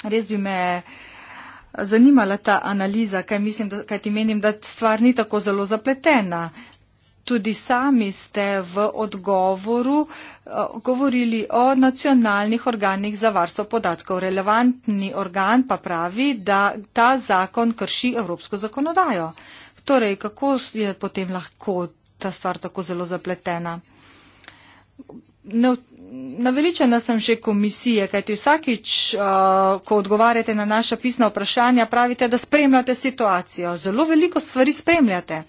Res bi me eh, zanimala ta analiza, kaj, mislim, da, kaj ti menim, da stvar ni tako zelo zapletena. Tudi sami ste v odgovoru eh, govorili o nacionalnih organih za varstvo podatkov. Relevantni organ pa pravi, da ta zakon krši evropsko zakonodajo. Torej, kako je potem lahko ta stvar tako zelo zapletena? Ne, Naveličena sem že komisije, kajti vsakič, uh, ko odgovarjate na naša pisna vprašanja, pravite, da spremljate situacijo. Zelo veliko stvari spremljate.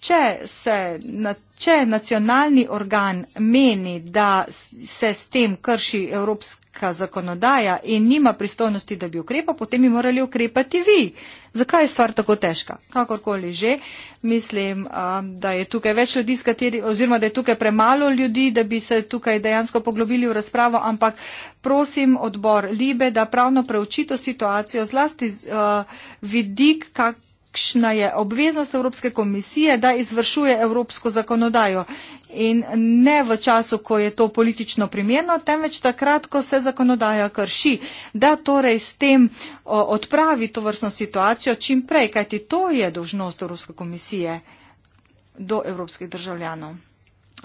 Če, se, na, če nacionalni organ meni, da se s tem krši evropski evropska zakonodaja in nima pristojnosti, da bi ukrepa, potem bi morali ukrepati vi. Zakaj je stvar tako težka? Kakorkoli že, mislim, da je tukaj več ljudi, kateri, oziroma da je tukaj premalo ljudi, da bi se tukaj dejansko poglobili v razpravo, ampak prosim odbor Libe, da pravno preučito situacijo, zlasti uh, vidik, kako kakšna je obveznost Evropske komisije, da izvršuje evropsko zakonodajo. In ne v času, ko je to politično primerno, temveč takrat, ko se zakonodaja krši, da torej s tem odpravi to vrstno situacijo čim prej, kajti to je dožnost Evropske komisije do evropskih državljanov.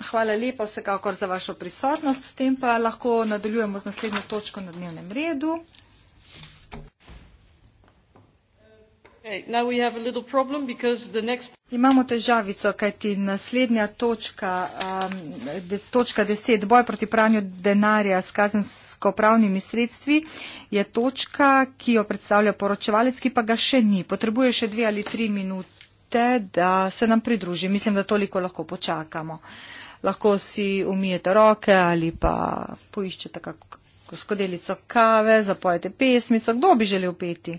Hvala lepa vsekakor za vašo prisotnost. S tem pa lahko nadaljujemo z naslednjo točko na dnevnem redu. Imamo težavico, kajti naslednja točka, um, točka 10, boj proti pranju denarja s kazensko pravnimi sredstvi, je točka, ki jo predstavlja poročevalec, ki pa ga še ni. Potrebuje še dve ali tri minute, da se nam pridruži. Mislim, da toliko lahko počakamo. Lahko si umijete roke ali pa poiščete kako skodelico kave, zapojete pesmico, kdo bi želel peti?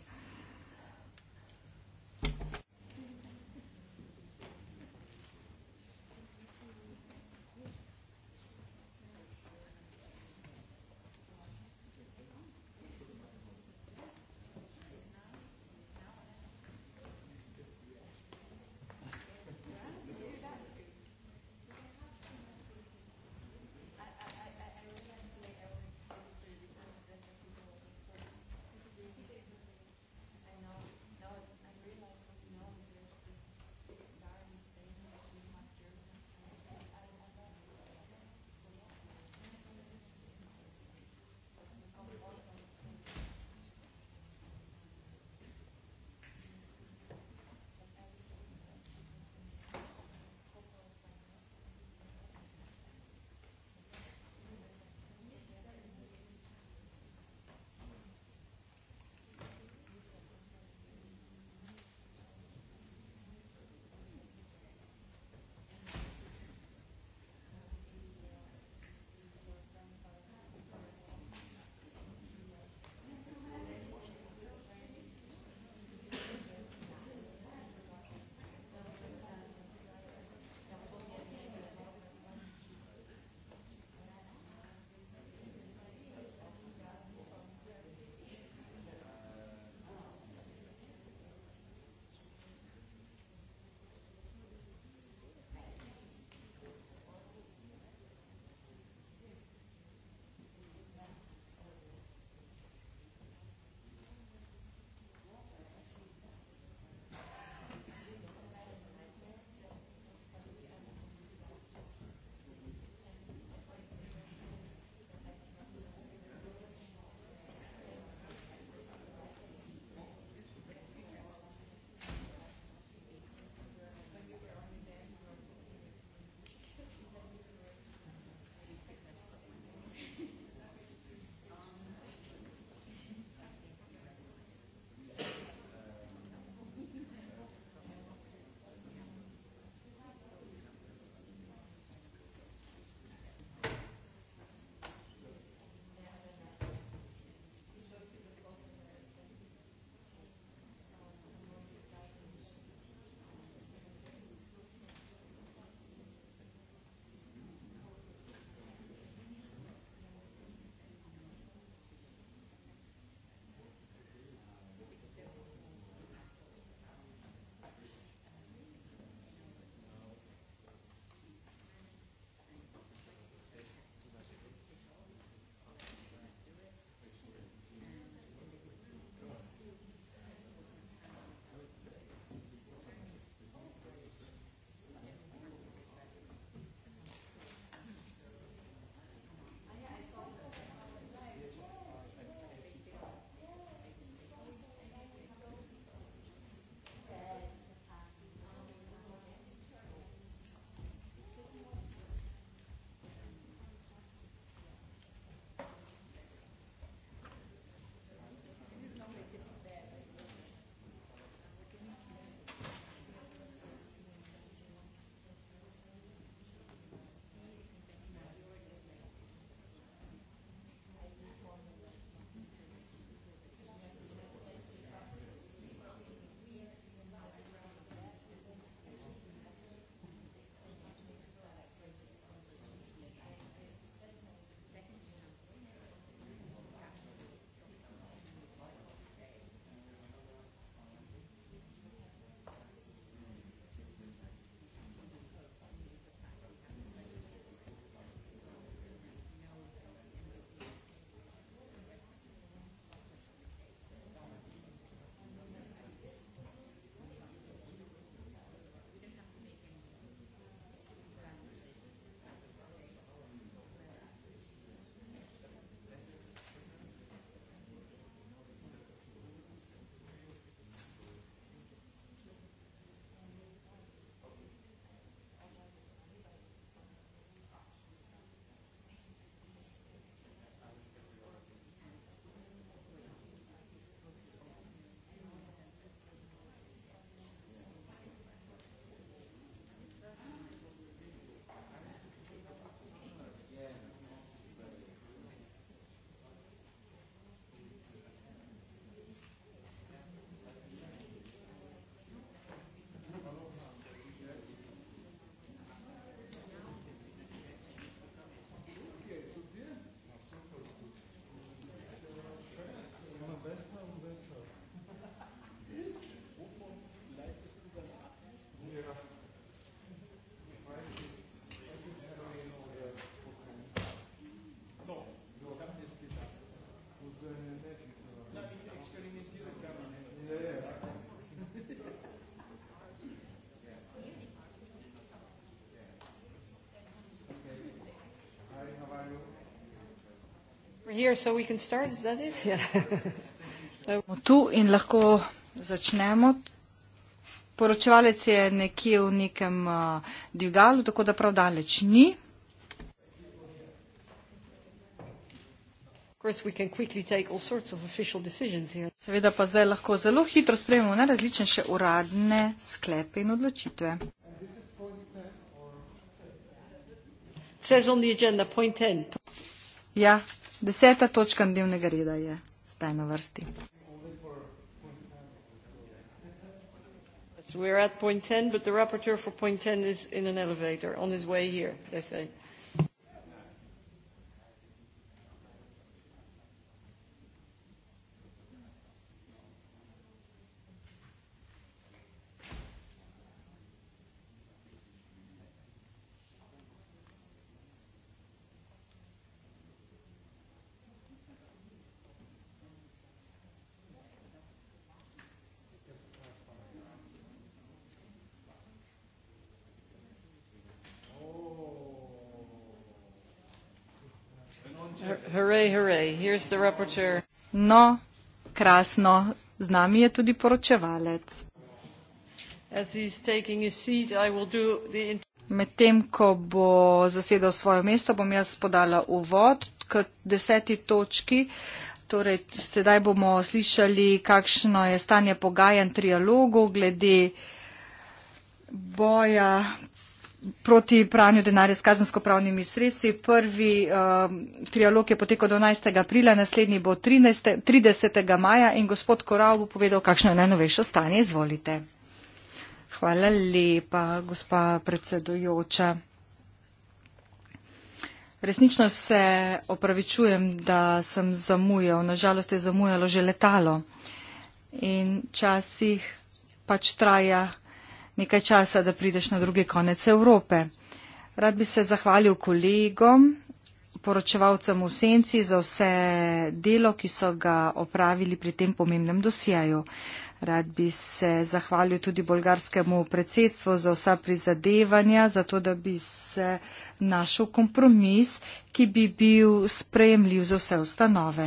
tu in lahko začnemo. Poročevalec je nekje v nekem uh, dvigalu, tako da prav daleč ni. Seveda pa zdaj lahko zelo hitro sprejmemo najrazličnejše še uradne sklepe in odločitve. Ja, Deseta točka dnevnega reda je zdaj na vrsti. We are at point 10, but the rapporteur for point 10 is in an elevator on his way here, they say. Here's the rapporteur. No, krasno, z nami je tudi poročevalec. Seat, inter... Medtem, ko bo zasedal svoje mesto, bom jaz podala uvod k deseti točki. Torej, sedaj bomo slišali, kakšno je stanje pogajanj trialogu glede boja proti pranju denarja s kazensko-pravnimi sredstvi. Prvi uh, trialog je potekal 12. aprila, naslednji bo 13, 30. maja in gospod Korav bo povedal, kakšno je najnovejše stanje. Izvolite. Hvala lepa, gospa predsedujoča. Resnično se opravičujem, da sem zamujal. Nažalost je zamujalo že letalo. In časih pač traja nekaj časa, da prideš na drugi konec Evrope. Rad bi se zahvalil kolegom, poročevalcem v senci za vse delo, ki so ga opravili pri tem pomembnem dosjeju. Rad bi se zahvalil tudi bolgarskemu predsedstvu za vsa prizadevanja, zato da bi se našel kompromis, ki bi bil sprejemljiv za vse ustanove.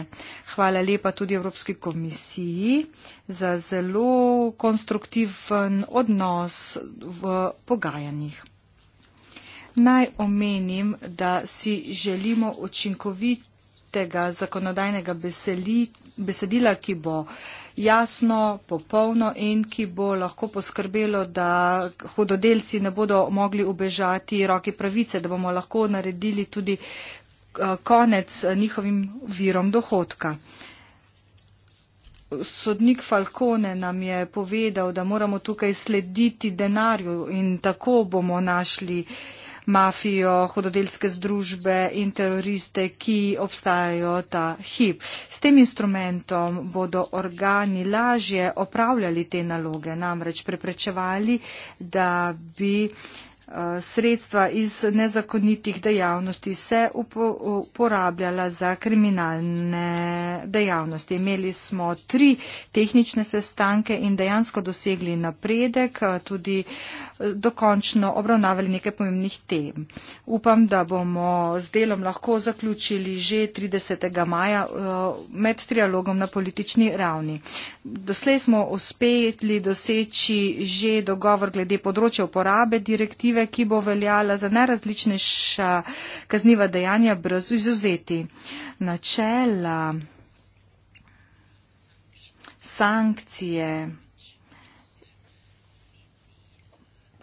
Hvala lepa tudi Evropski komisiji za zelo konstruktiven odnos v pogajanjih. Naj omenim, da si želimo učinkovitega zakonodajnega besedila, ki bo jasno, popolno in ki bo lahko poskrbelo, da hododelci ne bodo mogli ubežati roki pravice, da bomo lahko naredili tudi eh, konec njihovim virom dohodka. Sodnik Falkone nam je povedal, da moramo tukaj slediti denarju in tako bomo našli uh, mafijo, hododelske združbe in teroriste, ki obstajajo ta hip. S tem instrumentom bodo organi lažje opravljali te naloge, namreč preprečevali, da bi uh, sredstva iz nezakonitih dejavnosti se uporabljala za kriminalne dejavnosti. Imeli smo tri tehnične sestanke in dejansko dosegli napredek, tudi dokončno obravnavali nekaj pomembnih tem. Upam, da bomo z delom lahko zaključili že 30. maja eh, med trialogom na politični ravni. Doslej smo uspeli doseči že dogovor glede področja uporabe direktive, direktive, ki bo veljala za najrazličnejša kazniva dejanja brez izuzeti. Načela, sankcije,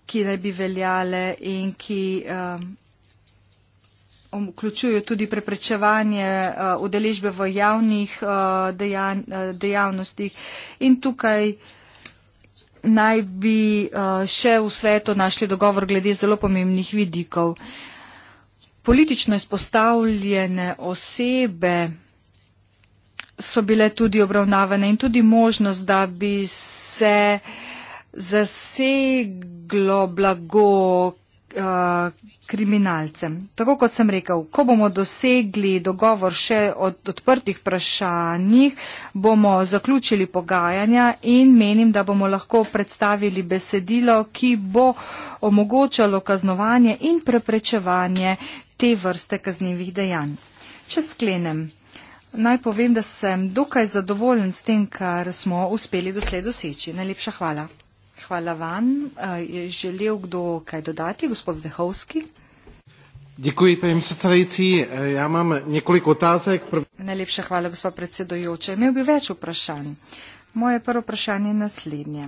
ki naj bi veljale in ki. Um, vključujo tudi preprečevanje uh, udeležbe uh, v javnih uh, dejan, uh, dejavnostih. In tukaj uh, naj bi eh, še v svetu našli dogovor glede zelo pomembnih vidikov. Politično izpostavljene osebe so bile tudi obravnavane in tudi možnost, da bi se zaseglo blago, eh, kriminalcem. Tako kot sem rekel, ko bomo dosegli dogovor še o odprtih vprašanjih, bomo zaključili pogajanja in menim, da bomo lahko predstavili besedilo, ki bo omogočalo kaznovanje in preprečevanje te vrste kaznjivih dejanj. Če sklenem, naj povem, da sem dokaj zadovoljen s tem, kar smo uspeli doslej doseči. Najlepša hvala hvala vam. Je želel kdo kaj dodati, gospod Zdehovski? Děkuji, paní předsedající. E, já mám několik otázek. Prv... Najlepša hvala, gospod predsedojoče. Imel bi več vprašanj. Moje prvo vprašanje je naslednje.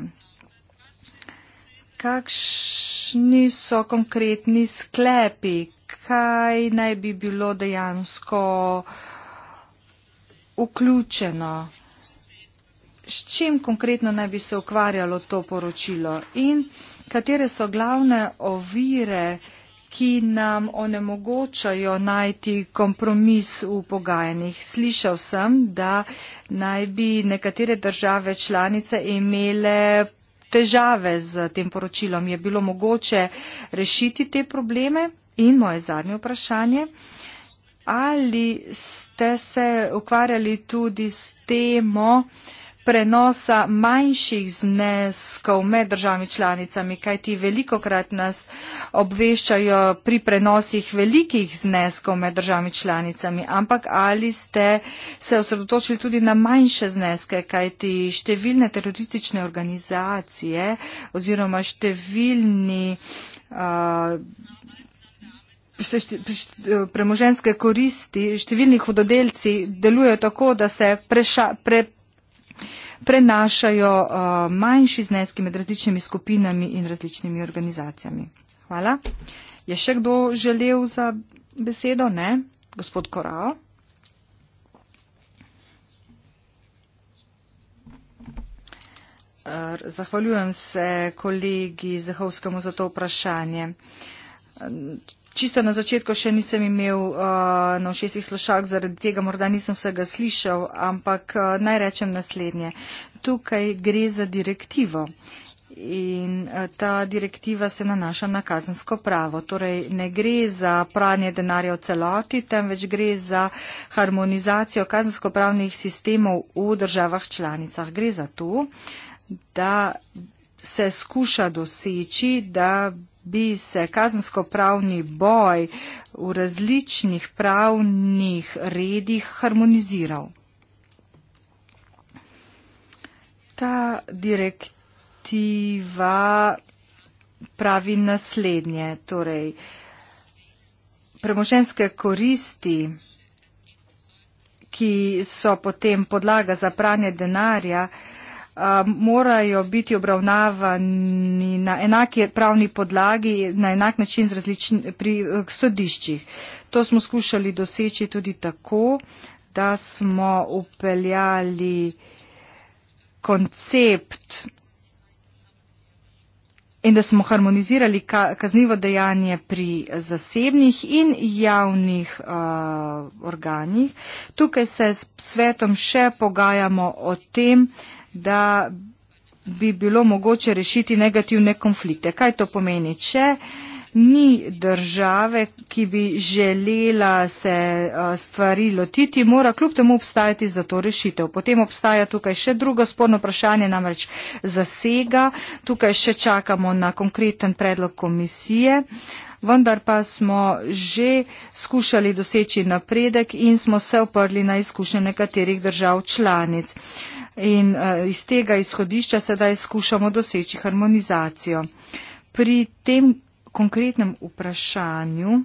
Kakšni so konkretni sklepi, kaj naj bi bilo dejansko vključeno s čim konkretno naj bi se ukvarjalo to poročilo in katere so glavne ovire, ki nam onemogočajo najti kompromis v pogajanjih. Slišal sem, da naj bi nekatere države članice imele težave z tem poročilom. Je bilo mogoče rešiti te probleme? In moje zadnje vprašanje. Ali ste se ukvarjali tudi s temo, prenosa manjših zneskov med državami članicami, kajti veliko krat nas obveščajo pri prenosih velikih zneskov med državami članicami, ampak ali ste se osredotočili tudi na manjše zneske, kajti številne teroristične organizacije oziroma številni. Uh, premoženske koristi, številni hudodelci delujejo tako, da se preša, pre, prenašajo uh, manjši zneski med različnimi skupinami in različnimi organizacijami. Hvala. Je še kdo želel za besedo? Ne. Gospod Korao. Uh, zahvaljujem se kolegi Zahovskemu za to vprašanje. Uh, Čisto na začetku še nisem imel uh, na no, všestih slušalk, zaradi tega morda nisem vsega slišal, ampak uh, naj rečem naslednje. Tukaj gre za direktivo in uh, ta direktiva se nanaša na kazensko pravo. Torej ne gre za pranje denarja v celoti, temveč gre za harmonizacijo kazensko pravnih sistemov v državah članicah. Gre za to, da se skuša doseči, da bi se kazensko-pravni boj v različnih pravnih redih harmoniziral. Ta direktiva pravi naslednje, torej premoženske koristi, ki so potem podlaga za pranje denarja, morajo biti obravnavani na enaki pravni podlagi, na enak način različni, pri eh, sodiščih. To smo skušali doseči tudi tako, da smo upeljali koncept in da smo harmonizirali kaznivo dejanje pri zasebnih in javnih uh, organih. Tukaj se s svetom še pogajamo o tem, uh, da bi bilo mogoče rešiti negativne konflikte. Kaj to pomeni? Če ni države, ki bi želela se stvari lotiti, mora kljub temu obstajati za to rešitev. Potem obstaja tukaj še drugo sporno vprašanje, namreč zasega. Tukaj še čakamo na konkreten predlog komisije. Vendar pa smo že skušali doseči napredek in smo se oprli na izkušnje nekaterih držav članic. Uh, in uh, iz tega izhodišča sedaj skušamo doseči harmonizacijo. Pri tem konkretnem vprašanju,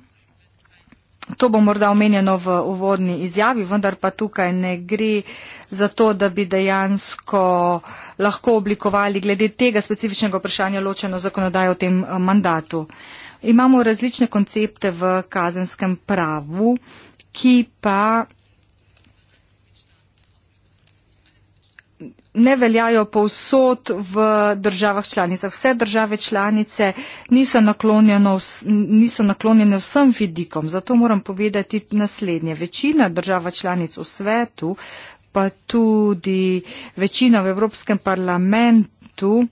to bo morda omenjeno v uvodni izjavi, vendar pa tukaj ne gre za to, da bi dejansko lahko oblikovali glede tega specifičnega vprašanja ločeno zakonodajo v tem eh, mandatu. Imamo različne koncepte v kazenskem pravu, ki pa ne veljajo povsod v državah članicah. Vse države članice niso, niso naklonjene vsem vidikom. Zato moram povedati naslednje. Večina država članic v svetu, pa tudi večina v Evropskem parlamentu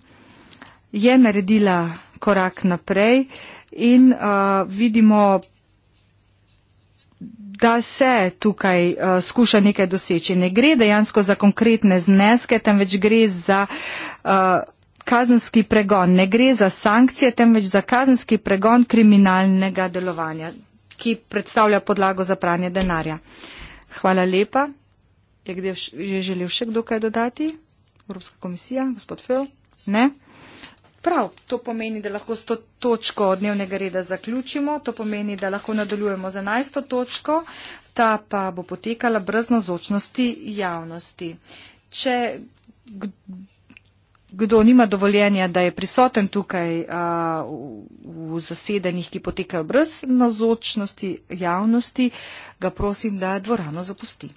je naredila korak naprej in uh, vidimo da se tukaj uh, skuša nekaj doseči. Ne gre dejansko za konkretne zneske, temveč gre za uh, kazenski pregon. Ne gre za sankcije, temveč za kazenski pregon kriminalnega delovanja, ki predstavlja podlago za pranje denarja. Hvala lepa. Je, je želel še kdo kaj dodati? Evropska komisija, gospod Fel? Ne. Prav, to pomeni, da lahko s to točko dnevnega reda zaključimo, to pomeni, da lahko nadaljujemo z enajsto točko, ta pa bo potekala brez nozočnosti javnosti. Če kdo nima dovoljenja, da je prisoten tukaj a, v, v zasedanjih, ki potekajo brez nozočnosti javnosti, ga prosim, da dvorano zapusti.